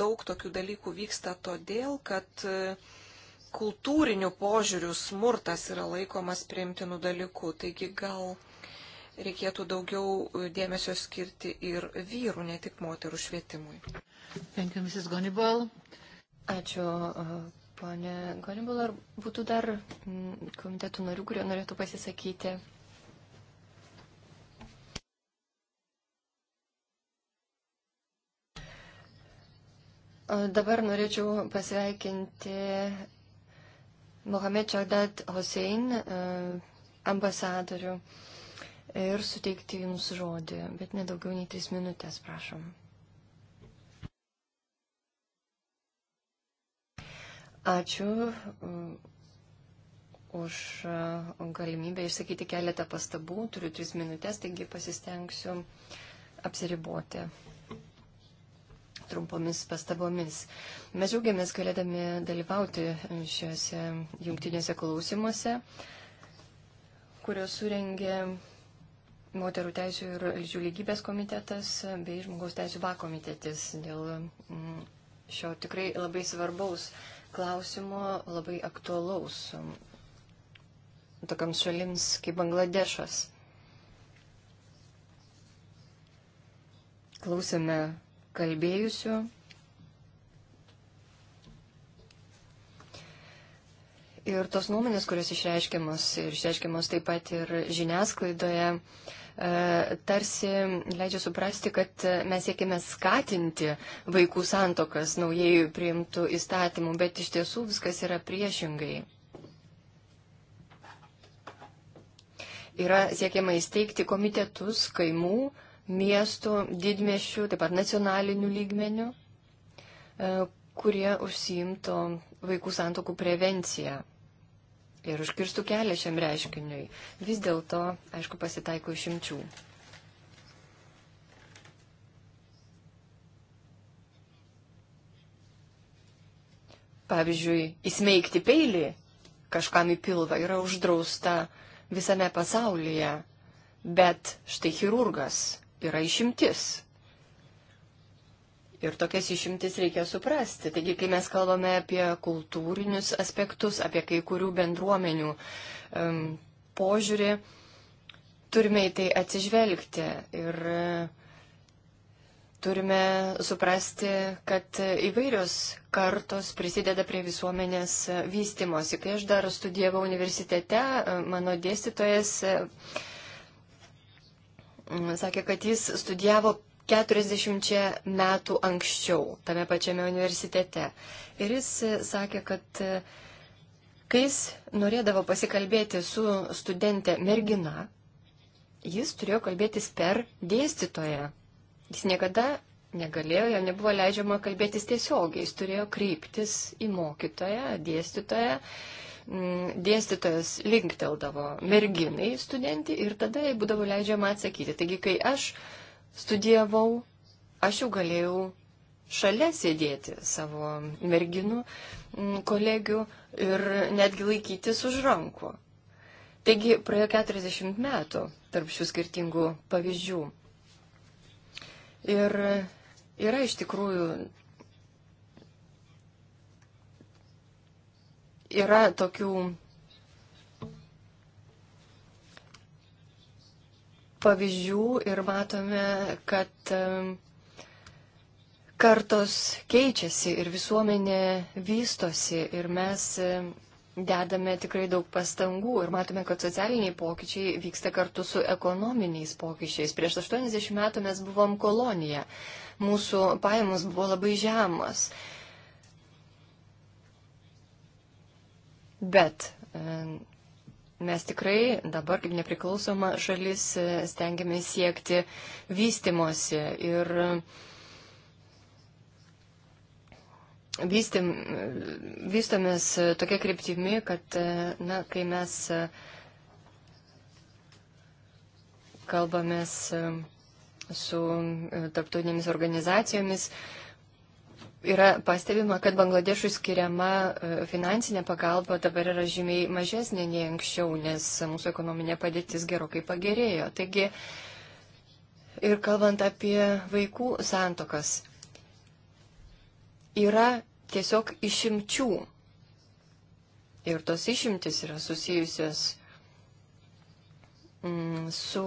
daug tokių dalykų vyksta todėl, kad e, kultūrinių požiūrių smurtas yra laikomas priimtinų dalykų. Taigi gal reikėtų daugiau dėmesio skirti ir vyrų, ne tik moterų švietimui. Thank you, Mrs. Gonibal. Ačiū, Pone Golimbul, ar būtų dar mm, komitetų narių, kurie norėtų pasisakyti? O dabar norėčiau pasveikinti Mohamed Čardat Hosein e, ambasadorių ir suteikti jums žodį, bet nedaugiau nei tris minutės, prašom. Ačiū mm, už e, galimybę išsakyti keletą pastabų. Turiu tris minutės, taigi pasistengsiu apsiriboti trumpomis pastabomis. Mes džiaugiamės galėdami dalyvauti šiuose jungtinėse klausimuose, kurios surengė Moterų teisų ir lyčių lygybės komitetas bei žmogaus teisų bakomitetis dėl mm, šio tikrai labai svarbaus uh, klausimo labai aktualaus um, tokiams šalims kaip Bangladešas. Klausėme kalbėjusių. Ir tos nuomonės, kurios išreiškiamos ir išreiškiamos taip pat ir žiniasklaidoje, uh, E, tarsi leidžia suprasti, kad mes siekime skatinti vaikų santokas naujai priimtų įstatymų, bet iš tiesų viskas yra priešingai. Yra siekiama įsteigti komitetus kaimų, miestų, didmešių, taip pat nacionalinių lygmenių, e, kurie užsiimtų vaikų santokų prevenciją ir užkirstų kelią šiam reiškiniui. Vis dėlto, aišku, pasitaiko išimčių. Pavyzdžiui, įsmeigti peilį kažkam į pilvą yra uždrausta visame pasaulyje, bet štai chirurgas yra išimtis. Ir tokias išimtis reikia suprasti. Taigi, kai mes kalbame apie kultūrinius aspektus, apie kai kurių bendruomenių um, požiūrį, turime į tai atsižvelgti ir e, turime suprasti, kad įvairios kartos prisideda prie visuomenės e, vystimosi. Kai aš dar studijavau universitete, e, mano dėstytojas sakė, kad jis studijavo 40 metų anksčiau tame pačiame universitete. Ir jis e, sakė, kad e, kai jis norėdavo pasikalbėti su studentė mergina, jis turėjo kalbėtis per dėstytoją. Jis niekada negalėjo, jam nebuvo leidžiama kalbėtis tiesiogiai, jis turėjo kreiptis į mokytoją, dėstytoją. Mm, dėstytojas linkteldavo merginai studentį ir tada jai būdavo leidžiama atsakyti. Taigi, kai aš studijavau, aš jau galėjau šalia sėdėti savo merginų, kolegių ir netgi laikytis už rankų. Taigi praėjo 40 metų tarp šių skirtingų pavyzdžių. Ir yra iš tikrųjų, yra tokių pavyzdžių ir matome, kad kartos keičiasi ir visuomenė vystosi ir mes dedame tikrai daug pastangų ir matome, kad socialiniai pokyčiai vyksta kartu su ekonominiais pokyčiais. Prieš 80 metų mes buvom kolonija, mūsų pajamos buvo labai žemos. Bet Mes tikrai dabar, kaip nepriklausoma šalis, e, stengiamės siekti vystimosi ir e, vystym, e, vystomės tokia kryptimi, kad, na, kai mes kalbamės su tarptautinėmis organizacijomis, yra pastebima, kad Bangladešui skiriama e, finansinė pagalba dabar yra žymiai mažesnė nei anksčiau, nes mūsų ekonominė padėtis gerokai pagerėjo. Taigi ir kalbant apie vaikų santokas, yra tiesiog išimčių. Ir tos išimtis yra susijusios mm, su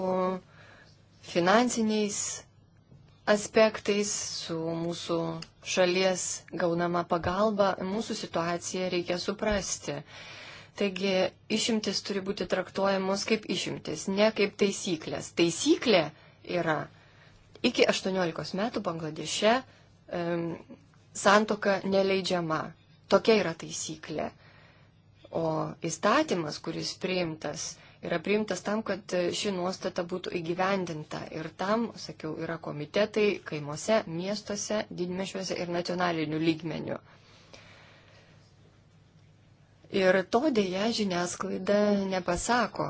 finansiniais aspektais, su mūsų šalies gaunama pagalba, mūsų situaciją reikia suprasti. Taigi išimtis turi būti traktuojamos kaip išimtis, ne kaip taisyklės. Taisyklė yra iki 18 metų Bangladeše um, santoka neleidžiama. Tokia yra taisyklė. O įstatymas, kuris priimtas, uh, yra priimtas tam, kad ši nuostata būtų įgyvendinta. Ir tam, sakiau, yra komitetai kaimuose, miestuose, didmešiuose ir nacionaliniu lygmeniu. Ir to dėja žiniasklaida nepasako.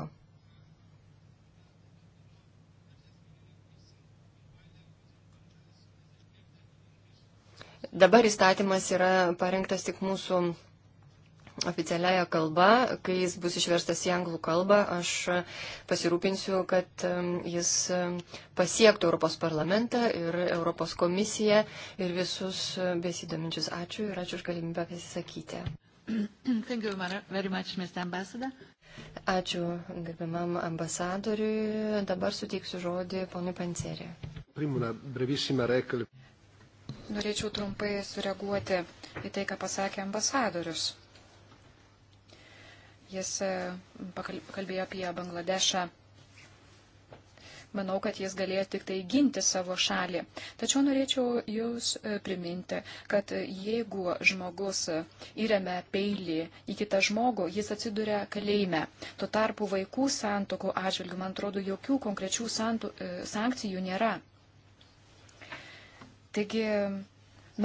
Dabar įstatymas yra parengtas tik mūsų oficialiaja kalba, kai jis bus išverstas į anglų kalbą, aš pasirūpinsiu, kad jis pasiektų Europos parlamentą ir Europos komisiją ir visus e, besidominčius. Ačiū ir ačiū už galimybę pasisakyti. Much, ačiū gerbiamam ambasadoriui. Dabar suteiksiu žodį ponui Pancerį. Norėčiau trumpai sureaguoti į tai, ką pasakė ambasadorius. Jis e, kalbėjo apie Bangladešą. Manau, kad jis galėjo tik tai ginti savo šalį. Tačiau norėčiau jūs e, priminti, kad jeigu žmogus e, įremia peilį į kitą žmogų, jis atsiduria kalėjime. Tuo tarpu vaikų santokų atžvilgių, man atrodo, jokių konkrečių santu, sankcijų nėra. Taigi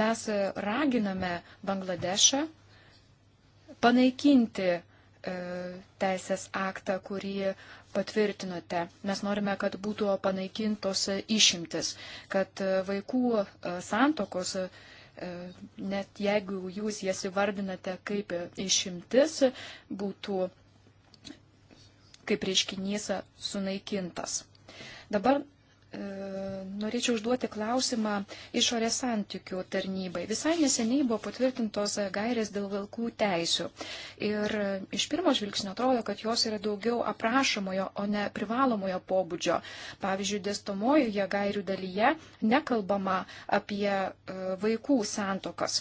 mes raginame Bangladešą panaikinti E, teisės aktą, kurį patvirtinote. Mes norime, kad būtų panaikintos išimtis, kad e, vaikų e, santokos, net jeigu jūs jas įvardinate kaip išimtis, būtų kaip reiškinys sunaikintas. Dabar E, norėčiau užduoti klausimą išorės santykių tarnybai. Visai neseniai buvo patvirtintos gairės dėl vilkų teisių. Ir iš pirmo žvilgsnio atrodo, kad jos yra daugiau aprašomojo, o ne privalomojo pobūdžio. Pavyzdžiui, dėstomojoje gairių dalyje nekalbama apie e, vaikų santokas.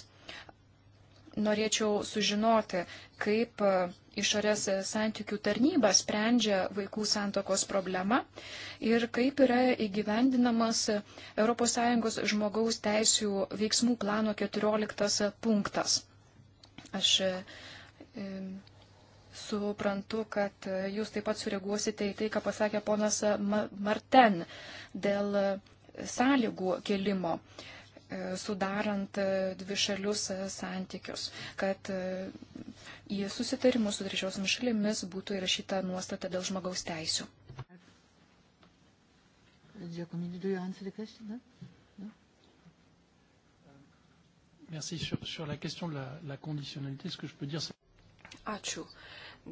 Norėčiau sužinoti, kaip e, išorės santykių tarnyba sprendžia vaikų santokos problemą ir kaip yra įgyvendinamas ES žmogaus teisų veiksmų plano 14 punktas. Aš e, suprantu, kad jūs taip pat sureaguosite į tai, ką pasakė ponas Marten dėl sąlygų kelimo. E, sudarant e, dvišalius e, santykius, kad į susitarimus su trečiosiomis šalimis būtų įrašyta nuostata dėl žmogaus teisių. Giacomin, do you answer the question? No? No? Merci. Sur, sur la question de la, la conditionnalité, ce que je peux dire, c'est. Ačiū. Euh,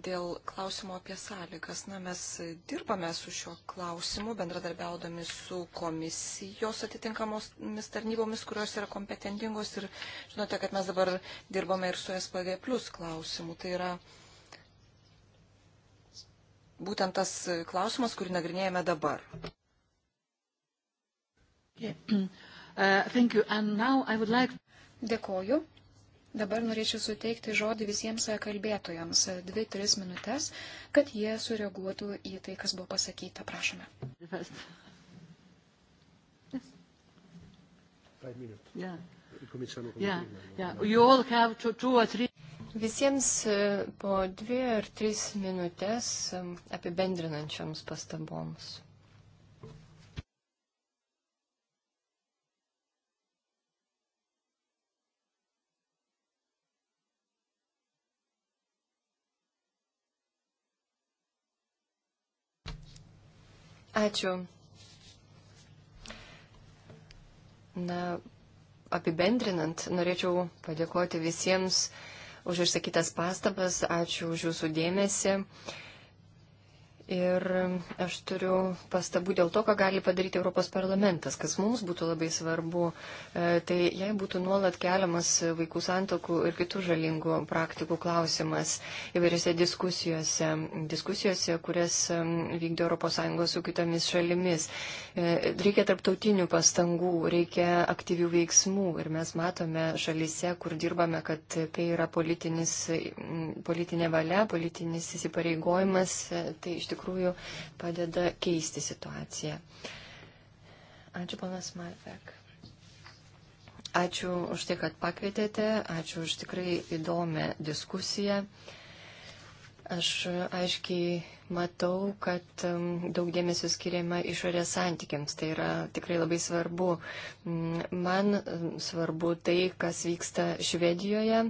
dėl klausimo apie sąlygas. Na, mes dirbame su šiuo klausimu, bendradarbiaudami su komisijos atitinkamomis tarnybomis, kurios yra kompetentingos ir žinote, kad mes dabar dirbame ir su SPG plus klausimu. Tai yra būtent tas klausimas, kurį nagrinėjame dabar. Yeah. Uh, like... Dėkoju. Dabar norėčiau suteikti žodį visiems kalbėtojams dvi, tris minutės, kad jie sureaguotų į tai, kas buvo pasakyta. Prašome. Visiems e, po dvi ar tris minutės e, apibendrinančioms pastaboms. Ačiū. Na, apibendrinant, norėčiau padėkoti visiems už išsakytas pastabas, ačiū už jūsų dėmesį. Ir aš turiu pastabų dėl to, ką gali padaryti Europos parlamentas, kas mums būtų labai svarbu. E, tai jei būtų nuolat keliamas vaikų santokų ir kitų žalingų praktikų klausimas įvairiose diskusijose, diskusijose, kurias vykdo ES su kitomis šalimis. E, reikia tarptautinių pastangų, reikia aktyvių veiksmų. Ir mes matome šalise, kur dirbame, kad kai yra politinė valia, politinis įsipareigojimas, e, tai iš tikrųjų tikrųjų padeda keisti situaciją. Ačiū, panas Marvek. Ačiū už tai, kad pakvietėte, ačiū už tikrai įdomią diskusiją. Aš aiškiai matau, kad um, daug dėmesio skiriama išorės santykiams. Tai yra tikrai labai svarbu. Mm, man um, svarbu tai, kas vyksta Švedijoje.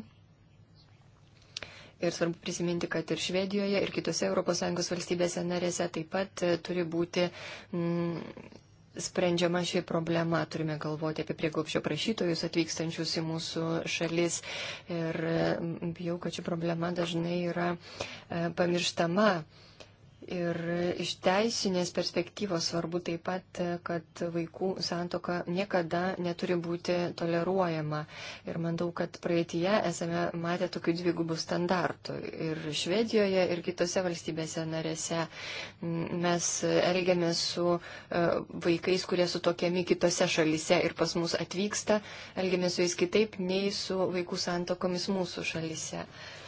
Ir svarbu prisiminti, kad ir Švedijoje, ir kitose ES valstybėse narėse taip pat e, turi būti mm, sprendžiama ši problema. Turime galvoti apie prieglopščio prašytojus atvykstančius į mūsų šalis. Ir mm, bijau, kad ši problema dažnai yra e, pamirštama. Ir iš teisinės perspektyvos svarbu taip pat, kad vaikų santoka niekada neturi būti toleruojama. Ir manau, kad praeitie esame matę tokių dvigubų standartų. Ir Švedijoje, ir kitose valstybėse narėse mes elgiamės su e, vaikais, kurie sutokiami kitose šalise ir pas mus atvyksta, elgiamės su jais kitaip nei su vaikų santokomis mūsų šalise. Uh,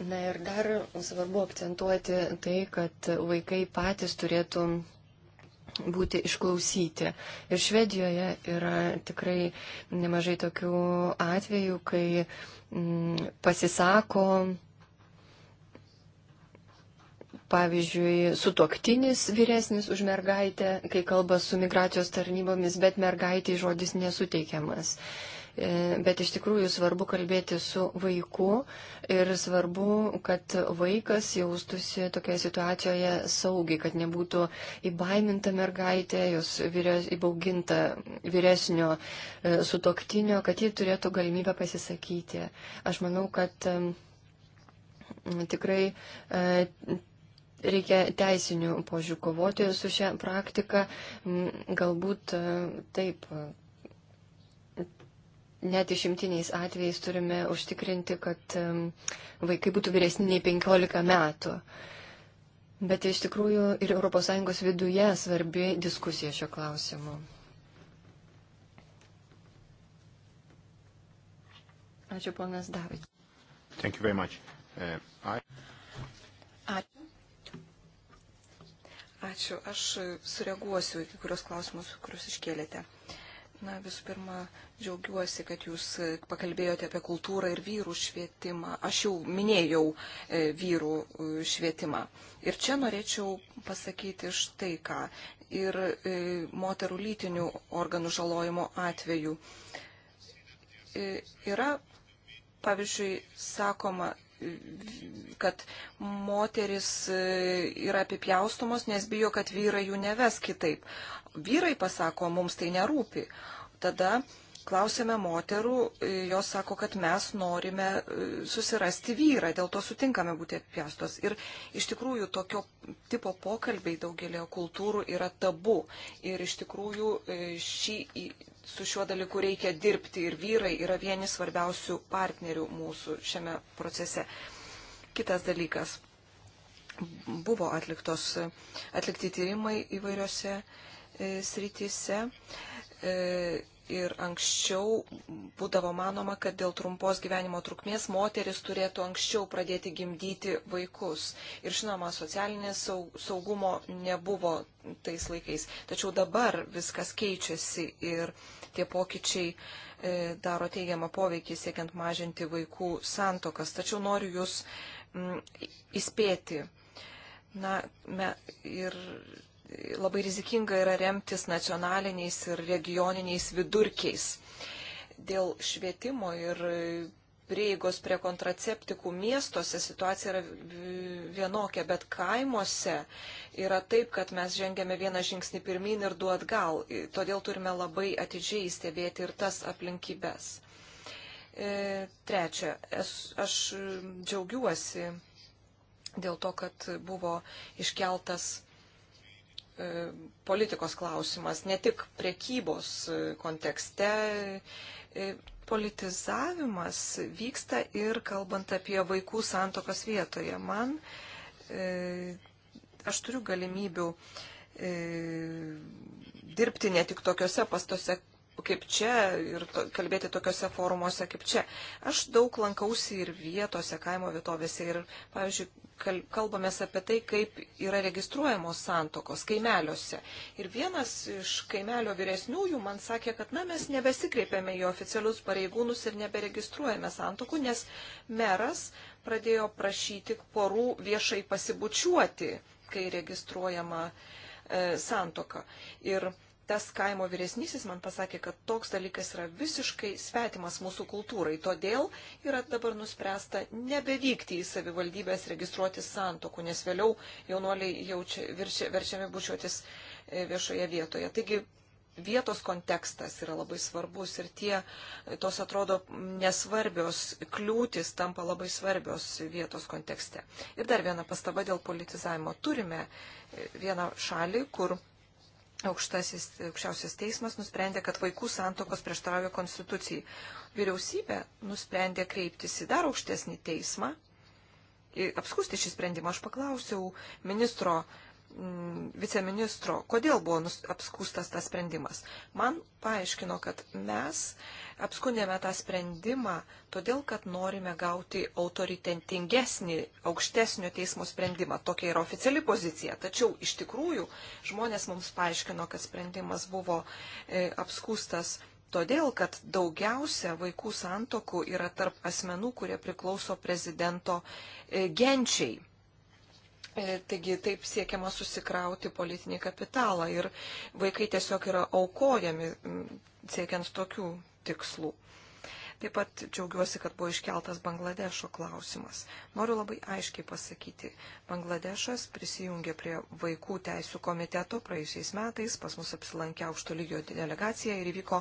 Na ir dar svarbu akcentuoti tai, kad vaikai patys turėtų būti išklausyti. Ir Švedijoje yra tikrai nemažai tokių atvejų, kai m, mm, pasisako, pavyzdžiui, sutoktinis vyresnis už mergaitę, kai kalba su migracijos tarnybomis, bet mergaitiai žodis nesuteikiamas. Uh, E, bet iš tikrųjų svarbu kalbėti su vaiku ir svarbu, kad vaikas jaustųsi tokioje situacijoje saugiai, kad nebūtų įbaiminta mergaitė, jos vyres, įbauginta vyresnio e, sutoktinio, kad ji turėtų galimybę pasisakyti. Aš manau, kad e, tikrai reikia teisinių požiūrį kovoti su šia praktika. Galbūt taip net išimtiniais atvejais turime užtikrinti, kad vaikai būtų vyresni nei 15 metų. Bet iš tikrųjų ir ES viduje svarbi diskusija šio klausimu. Ačiū, ponas David. Thank you very much. Uh, I... Ačiū. Ačiū. Aš sureaguosiu į kai kurios klausimus, kuriuos iškėlėte. Uh, Na, visų pirma, džiaugiuosi, kad jūs e, pakalbėjote apie kultūrą ir vyrų švietimą. Aš jau minėjau e, vyrų e, švietimą. Ir čia norėčiau pasakyti štai ką. Ir moterų lytinių organų žalojimo atveju. Yra, pavyzdžiui, sakoma, kad moteris e, yra apipjaustomos, nes bijo, kad vyrai jų neves kitaip. Vyrai pasako, mums tai nerūpi. Tada klausėme moterų, e, jos sako, kad mes norime e, susirasti vyrą, dėl to sutinkame būti apjastos. Ir iš tikrųjų tokio tipo pokalbiai daugelio kultūrų yra tabu. Ir iš tikrųjų e, šį, su šiuo dalyku reikia dirbti ir vyrai yra vieni svarbiausių partnerių mūsų šiame procese. Kitas dalykas. Buvo atliktos, atlikti tyrimai įvairiose srityse ir anksčiau būdavo manoma, kad dėl trumpos gyvenimo trukmės moteris turėtų anksčiau pradėti gimdyti vaikus. Ir žinoma, socialinės saugumo nebuvo tais laikais. Tačiau dabar viskas keičiasi ir tie pokyčiai e, daro teigiamą poveikį siekiant mažinti vaikų santokas. Tačiau noriu jūs m, mm, įspėti. Na, me, ir labai rizikinga yra remtis nacionaliniais ir regioniniais vidurkiais. Dėl švietimo ir prieigos prie kontraceptikų miestuose situacija yra vienokia, bet kaimuose yra taip, kad mes žengėme vieną žingsnį pirmin ir du atgal. Todėl turime labai atidžiai stebėti ir tas aplinkybės. E, trečia, aš, aš džiaugiuosi dėl to, kad buvo iškeltas E, politikos klausimas, ne tik priekybos e, kontekste. E, politizavimas vyksta ir kalbant apie vaikų santokas vietoje. Man, aš turiu galimybių dirbti ne tik tokiuose pastuose, kaip čia ir to, kalbėti tokiuose forumuose kaip čia. Aš daug lankausi ir vietose, kaimo vietovėse ir, pavyzdžiui, kal, kalbamės apie tai, kaip yra registruojamos santokos kaimeliuose. Ir vienas iš kaimelio vyresniųjų man sakė, kad na, mes nebesikreipiame į oficialius pareigūnus ir neberegistruojame santokų, nes meras pradėjo prašyti porų viešai pasibučiuoti, kai registruojama e, santoka. Ir tas kaimo vyresnysis man pasakė, kad toks dalykas yra visiškai svetimas mūsų kultūrai. Todėl yra dabar nuspręsta nebevykti į savivaldybės registruoti santokų, nes vėliau jaunuoliai jaučia, viršia, verčiami bučiuotis e, viešoje vietoje. Taigi vietos kontekstas yra labai svarbus ir tie, tos atrodo nesvarbios kliūtis tampa labai svarbios vietos kontekste. Ir dar viena pastaba dėl politizavimo. Turime e, vieną šalį, kur aukštasis, aukščiausias teismas nusprendė, kad vaikų santokos prieštarauja konstitucijai. Vyriausybė nusprendė kreiptis į dar aukštesnį teismą ir apskusti šį sprendimą. Aš paklausiau ministro Mm, viceministro, kodėl buvo apskustas tas sprendimas. Man paaiškino, kad mes apskundėme tą sprendimą todėl, kad norime gauti autoritentingesnį, aukštesnio teismo sprendimą. Tokia yra oficiali pozicija. Tačiau iš tikrųjų žmonės mums paaiškino, kad sprendimas buvo e, apskustas todėl, kad daugiausia vaikų santokų yra tarp asmenų, kurie priklauso prezidento e, genčiai E, taigi taip siekiama susikrauti politinį kapitalą ir vaikai tiesiog yra aukojami siekiant tokių tikslų. Taip pat džiaugiuosi, kad buvo iškeltas Bangladešo klausimas. Noriu labai aiškiai pasakyti, Bangladešas prisijungė prie vaikų teisų komiteto praėjusiais metais, pas mus apsilankė aukšto lygio delegacija ir įvyko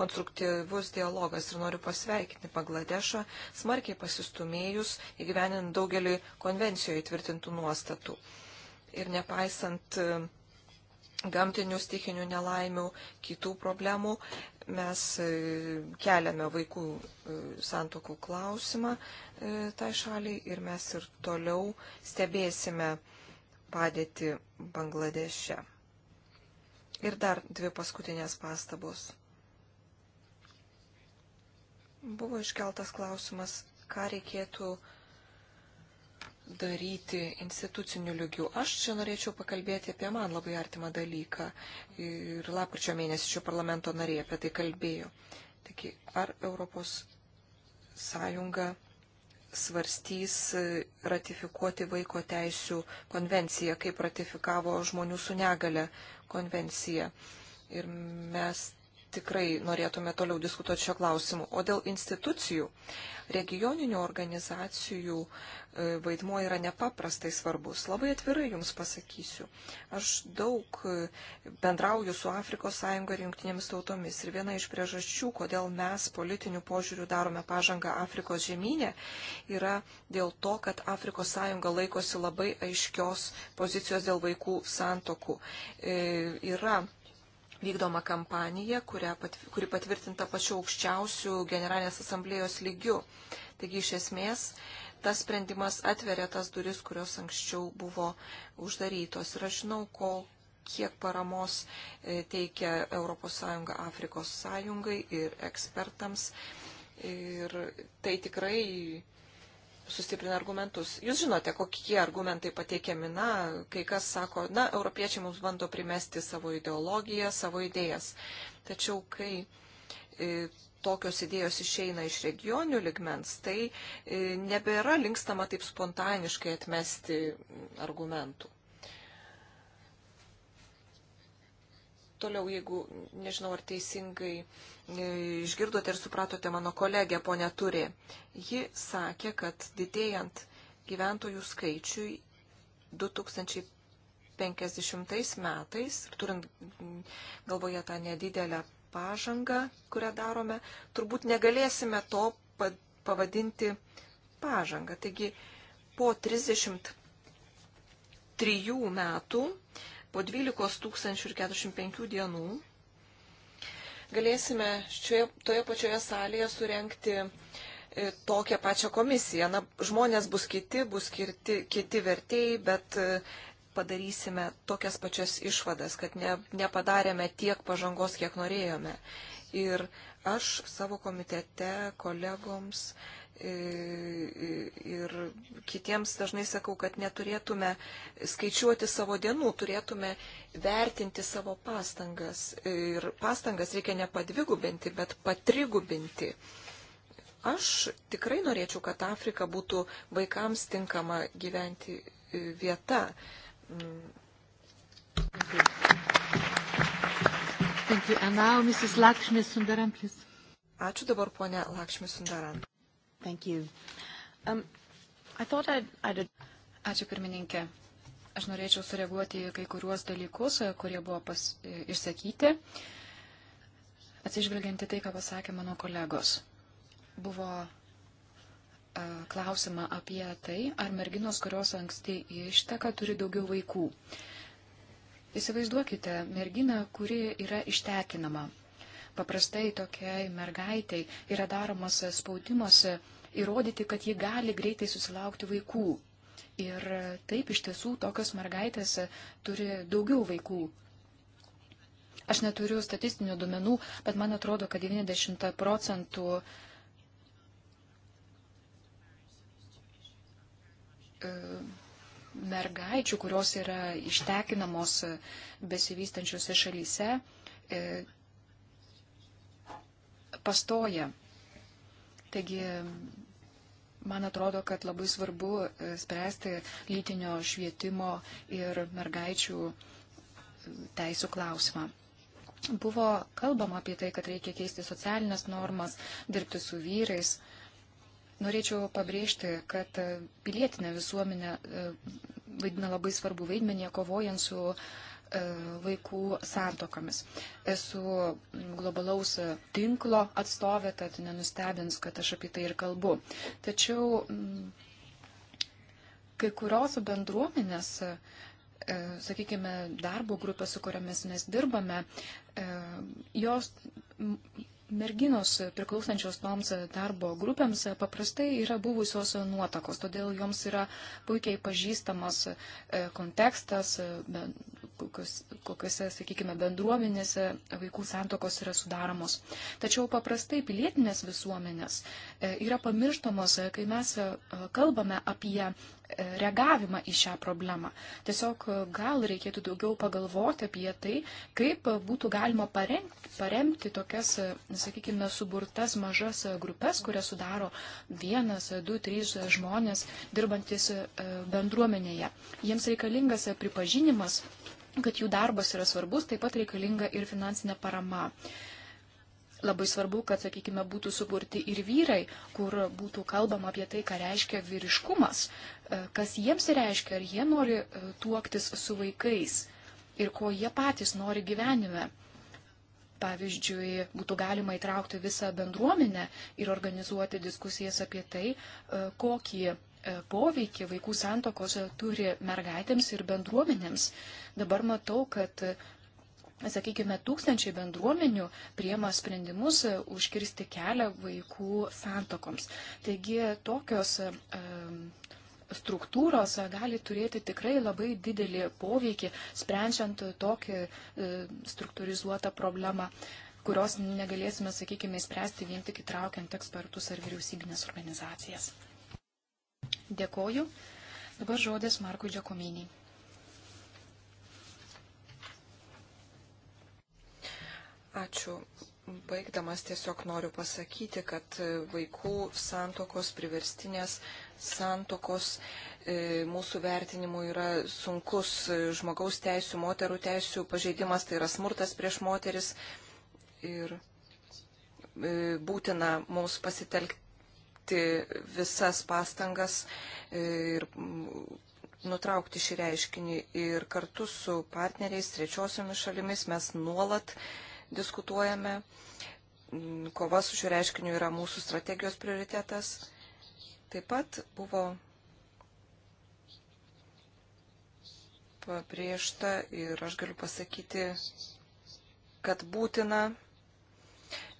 konstruktyvus dialogas ir noriu pasveikinti Bangladešą, smarkiai pasistumėjus įgyvenint daugelį konvencijoje įtvirtintų nuostatų. Ir nepaisant uh, gamtinių stichinių nelaimių, kitų problemų. Mes e, keliame vaikų e, santokų klausimą e, tai šaliai ir mes ir toliau stebėsime padėti Bangladeše. Ir dar dvi paskutinės pastabos. Buvo iškeltas klausimas, ką reikėtų daryti instituciniu lygiu. Aš čia norėčiau pakalbėti apie man labai artimą dalyką. Ir lapkričio mėnesį šio parlamento nariai apie tai kalbėjo. Taigi, ar Europos Sąjunga svarstys ratifikuoti vaiko teisų konvenciją, kaip ratifikavo žmonių su negale konvenciją. Ir mes tikrai norėtume toliau diskutuoti šio klausimu. O dėl institucijų, regioninių organizacijų e, vaidmuo yra nepaprastai svarbus. Labai atvirai Jums pasakysiu. Aš daug e, bendrauju su Afrikos Sąjunga ir Junktinėmis tautomis. Ir viena iš priežasčių, kodėl mes politinių požiūrių darome pažangą Afrikos žemynė, yra dėl to, kad Afrikos Sąjunga laikosi labai aiškios pozicijos dėl vaikų santokų. E, yra vykdoma kampanija, pat, kuri patvirtinta pačiu aukščiausių generalinės asamblėjos lygių. Taigi iš esmės tas sprendimas atveria tas duris, kurios anksčiau buvo uždarytos. Ir aš žinau, kol kiek paramos e, teikia ES Afrikos sąjungai ir ekspertams. Ir tai tikrai sustiprina argumentus. Jūs žinote, kokie argumentai pateikiami, na, kai kas sako, na, europiečiai mums bando primesti savo ideologiją, savo idėjas. Tačiau, kai e, tokios idėjos išeina iš regionių ligmens, tai e, nebėra linkstama taip spontaniškai atmesti argumentų. Toliau, jeigu nežinau, ar teisingai e, išgirdote ir supratote mano kolegę ponę Turė, ji sakė, kad didėjant gyventojų skaičiui 2050 metais, turint galvoje tą nedidelę pažangą, kurią darome, turbūt negalėsime to pavadinti pažangą. Taigi po 33 metų po 12 tūkstančių ir 45 dienų galėsime šioje, toje pačioje salėje surenkti e, tokią pačią komisiją. Na, žmonės bus kiti, bus kirti, kiti vertėjai, bet e, padarysime tokias pačias išvadas, kad ne, nepadarėme tiek pažangos, kiek norėjome. Ir aš savo komitete kolegoms E, e, ir kitiems dažnai sakau, kad neturėtume skaičiuoti savo dienų, turėtume vertinti savo pastangas. Ir pastangas reikia ne padvigubinti, bet patrigubinti. Aš tikrai norėčiau, kad Afrika būtų vaikams tinkama gyventi e, vieta. Thank you. Thank you. And now Mrs. Lakshmi Sundaram, please. Ačiū dabar ponė Lakšmi Sundaran. Thank you. Um, I thought I'd, I'd... Ačiū pirmininkė. Aš norėčiau sureaguoti į kai kuriuos dalykus, e, kurie buvo pas, e, išsakyti, atsižvelgianti tai, ką pasakė mano kolegos. Buvo e, klausimą apie tai, ar merginos, kurios anksti išteka, turi daugiau vaikų. Įsivaizduokite merginą, kuri yra ištekinama. Paprastai tokiai mergaitiai yra daromas spaudimas įrodyti, kad ji gali greitai susilaukti vaikų. Ir taip iš tiesų tokios mergaitės turi daugiau vaikų. Aš neturiu statistinių duomenų, bet man atrodo, kad 90 procentų e, mergaičių, kurios yra ištekinamos besivystančiose šalyse, e, pastoja. Taigi, man atrodo, kad labai svarbu e, spręsti lytinio švietimo ir mergaičių e, teisų klausimą. Buvo kalbama apie tai, kad reikia keisti socialinės normas, dirbti su vyrais. Norėčiau pabrėžti, kad e, pilietinė visuomenė vaidina labai svarbu vaidmenį, kovojant su uh, E, vaikų santokomis. Esu globalaus tinklo atstovė, tad nenustebins, kad aš apie tai ir kalbu. Tačiau mm, kai kurios bendruomenės, e, sakykime, darbo grupės, su kuriomis mes dirbame, e, jos Merginos priklausančios toms darbo grupėms paprastai yra buvusios nuotakos, todėl joms yra puikiai pažįstamas e, kontekstas, e, kokiuose, sakykime, bendruomenėse vaikų santokos yra sudaromos. Tačiau paprastai pilietinės visuomenės e, yra pamirštamos, kai mes kalbame apie reagavimą į šią problemą. Tiesiog e, gal reikėtų daugiau pagalvoti apie tai, kaip būtų galima paremti tokias, e, sakykime, suburtas mažas e, grupės, kurias sudaro vienas, du, trys žmonės dirbantis bendruomenėje. Jiems reikalingas pripažinimas kad jų darbas yra svarbus, taip pat reikalinga ir finansinė parama. Uh, Labai svarbu, kad, sakykime, būtų suburti ir vyrai, kur būtų kalbama apie tai, ką reiškia vyriškumas, e, kas jiems reiškia, ar jie nori e, tuoktis su vaikais ir ko jie patys nori gyvenime. Pavyzdžiui, būtų galima įtraukti visą bendruomenę ir organizuoti diskusijas apie tai, e, kokį poveikį vaikų santokos turi mergaitėms ir bendruomenėms. Dabar matau, kad sakykime, tūkstančiai bendruomenių priema sprendimus e, užkirsti kelią vaikų santokoms. Taigi tokios e, struktūros e, gali turėti tikrai labai didelį poveikį, sprendžiant tokį struktūrizuotą problemą kurios negalėsime, sakykime, spręsti vien tik įtraukiant ekspertus ar vyriausybinės organizacijas. Dėkoju. Dabar žodis Markui Džekominiai. Ačiū. Baigdamas tiesiog noriu pasakyti, kad e, vaikų santokos, priverstinės santokos e, mūsų vertinimu yra sunkus e, žmogaus teisų, moterų teisų pažeidimas, tai yra smurtas prieš moteris ir būtina mums pasitelkti visas pastangas ir nutraukti šį reiškinį ir kartu su partneriais, trečiosiomis šalimis mes nuolat uh, diskutuojame. Mm, kova su šiuo reiškiniu yra mūsų strategijos prioritetas. Taip pat buvo pabrėžta ir aš galiu pasakyti, kad būtina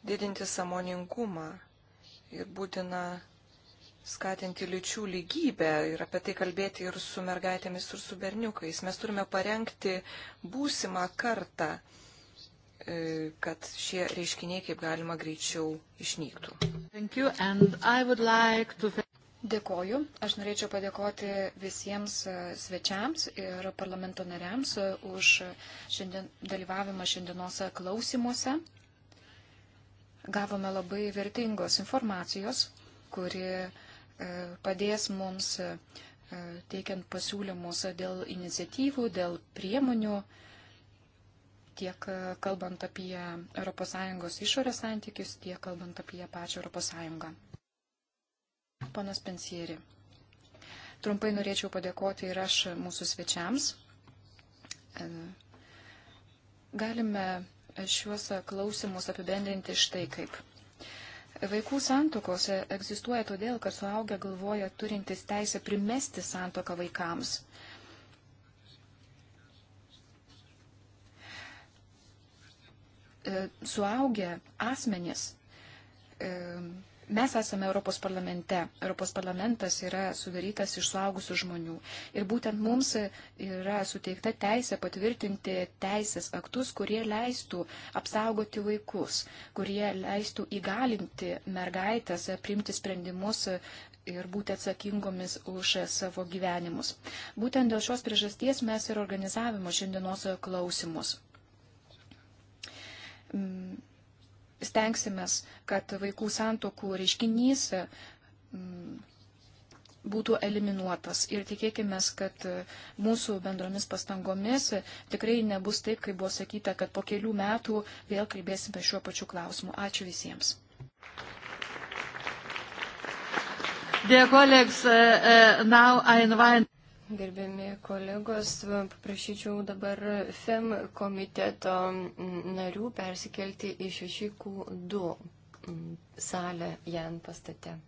didinti samoningumą ir būtina skatinti lyčių lygybę ir apie tai kalbėti ir su mergaitėmis, ir su berniukais. Mes turime parengti būsimą kartą E, kad šie reiškiniai kaip galima greičiau išnyktų. Like to... Dėkoju. Aš norėčiau padėkoti visiems e, svečiams ir parlamento nariams e, už šiandien, dalyvavimą šiandienos klausimuose. Gavome labai vertingos informacijos, kuri padės mums teikiant pasiūlymus dėl iniciatyvų, dėl priemonių tiek e, kalbant apie ES išorės santykius, tiek kalbant apie pačią ES. Ponas Pensieri, trumpai norėčiau padėkoti ir aš mūsų svečiams. E, galime šiuos klausimus apibendrinti štai kaip. Vaikų santokos egzistuoja todėl, kad suaugę galvoja turintis teisę primesti santoką vaikams – E, suaugę asmenys. E, mes esame Europos parlamente. Europos parlamentas yra sudarytas iš suaugusių žmonių. Ir būtent mums yra suteikta teisė patvirtinti teisės aktus, kurie leistų apsaugoti vaikus, kurie leistų įgalinti mergaitės priimti sprendimus ir būti atsakingomis už savo gyvenimus. Būtent dėl šios priežasties mes ir organizavimo šiandienos klausimus. Mm, stengsimės, kad vaikų santokų reiškinys mm, būtų eliminuotas. Ir tikėkime, kad mūsų bendromis pastangomis tikrai nebus taip, kaip buvo sakyta, kad po kelių metų vėl kalbėsime šiuo pačiu klausimu. Ačiū visiems. Dear colleagues, uh, uh, now I invite gerbiami kolegos, paprašyčiau dabar FEM komiteto narių persikelti į 6Q2 salę Jan pastate.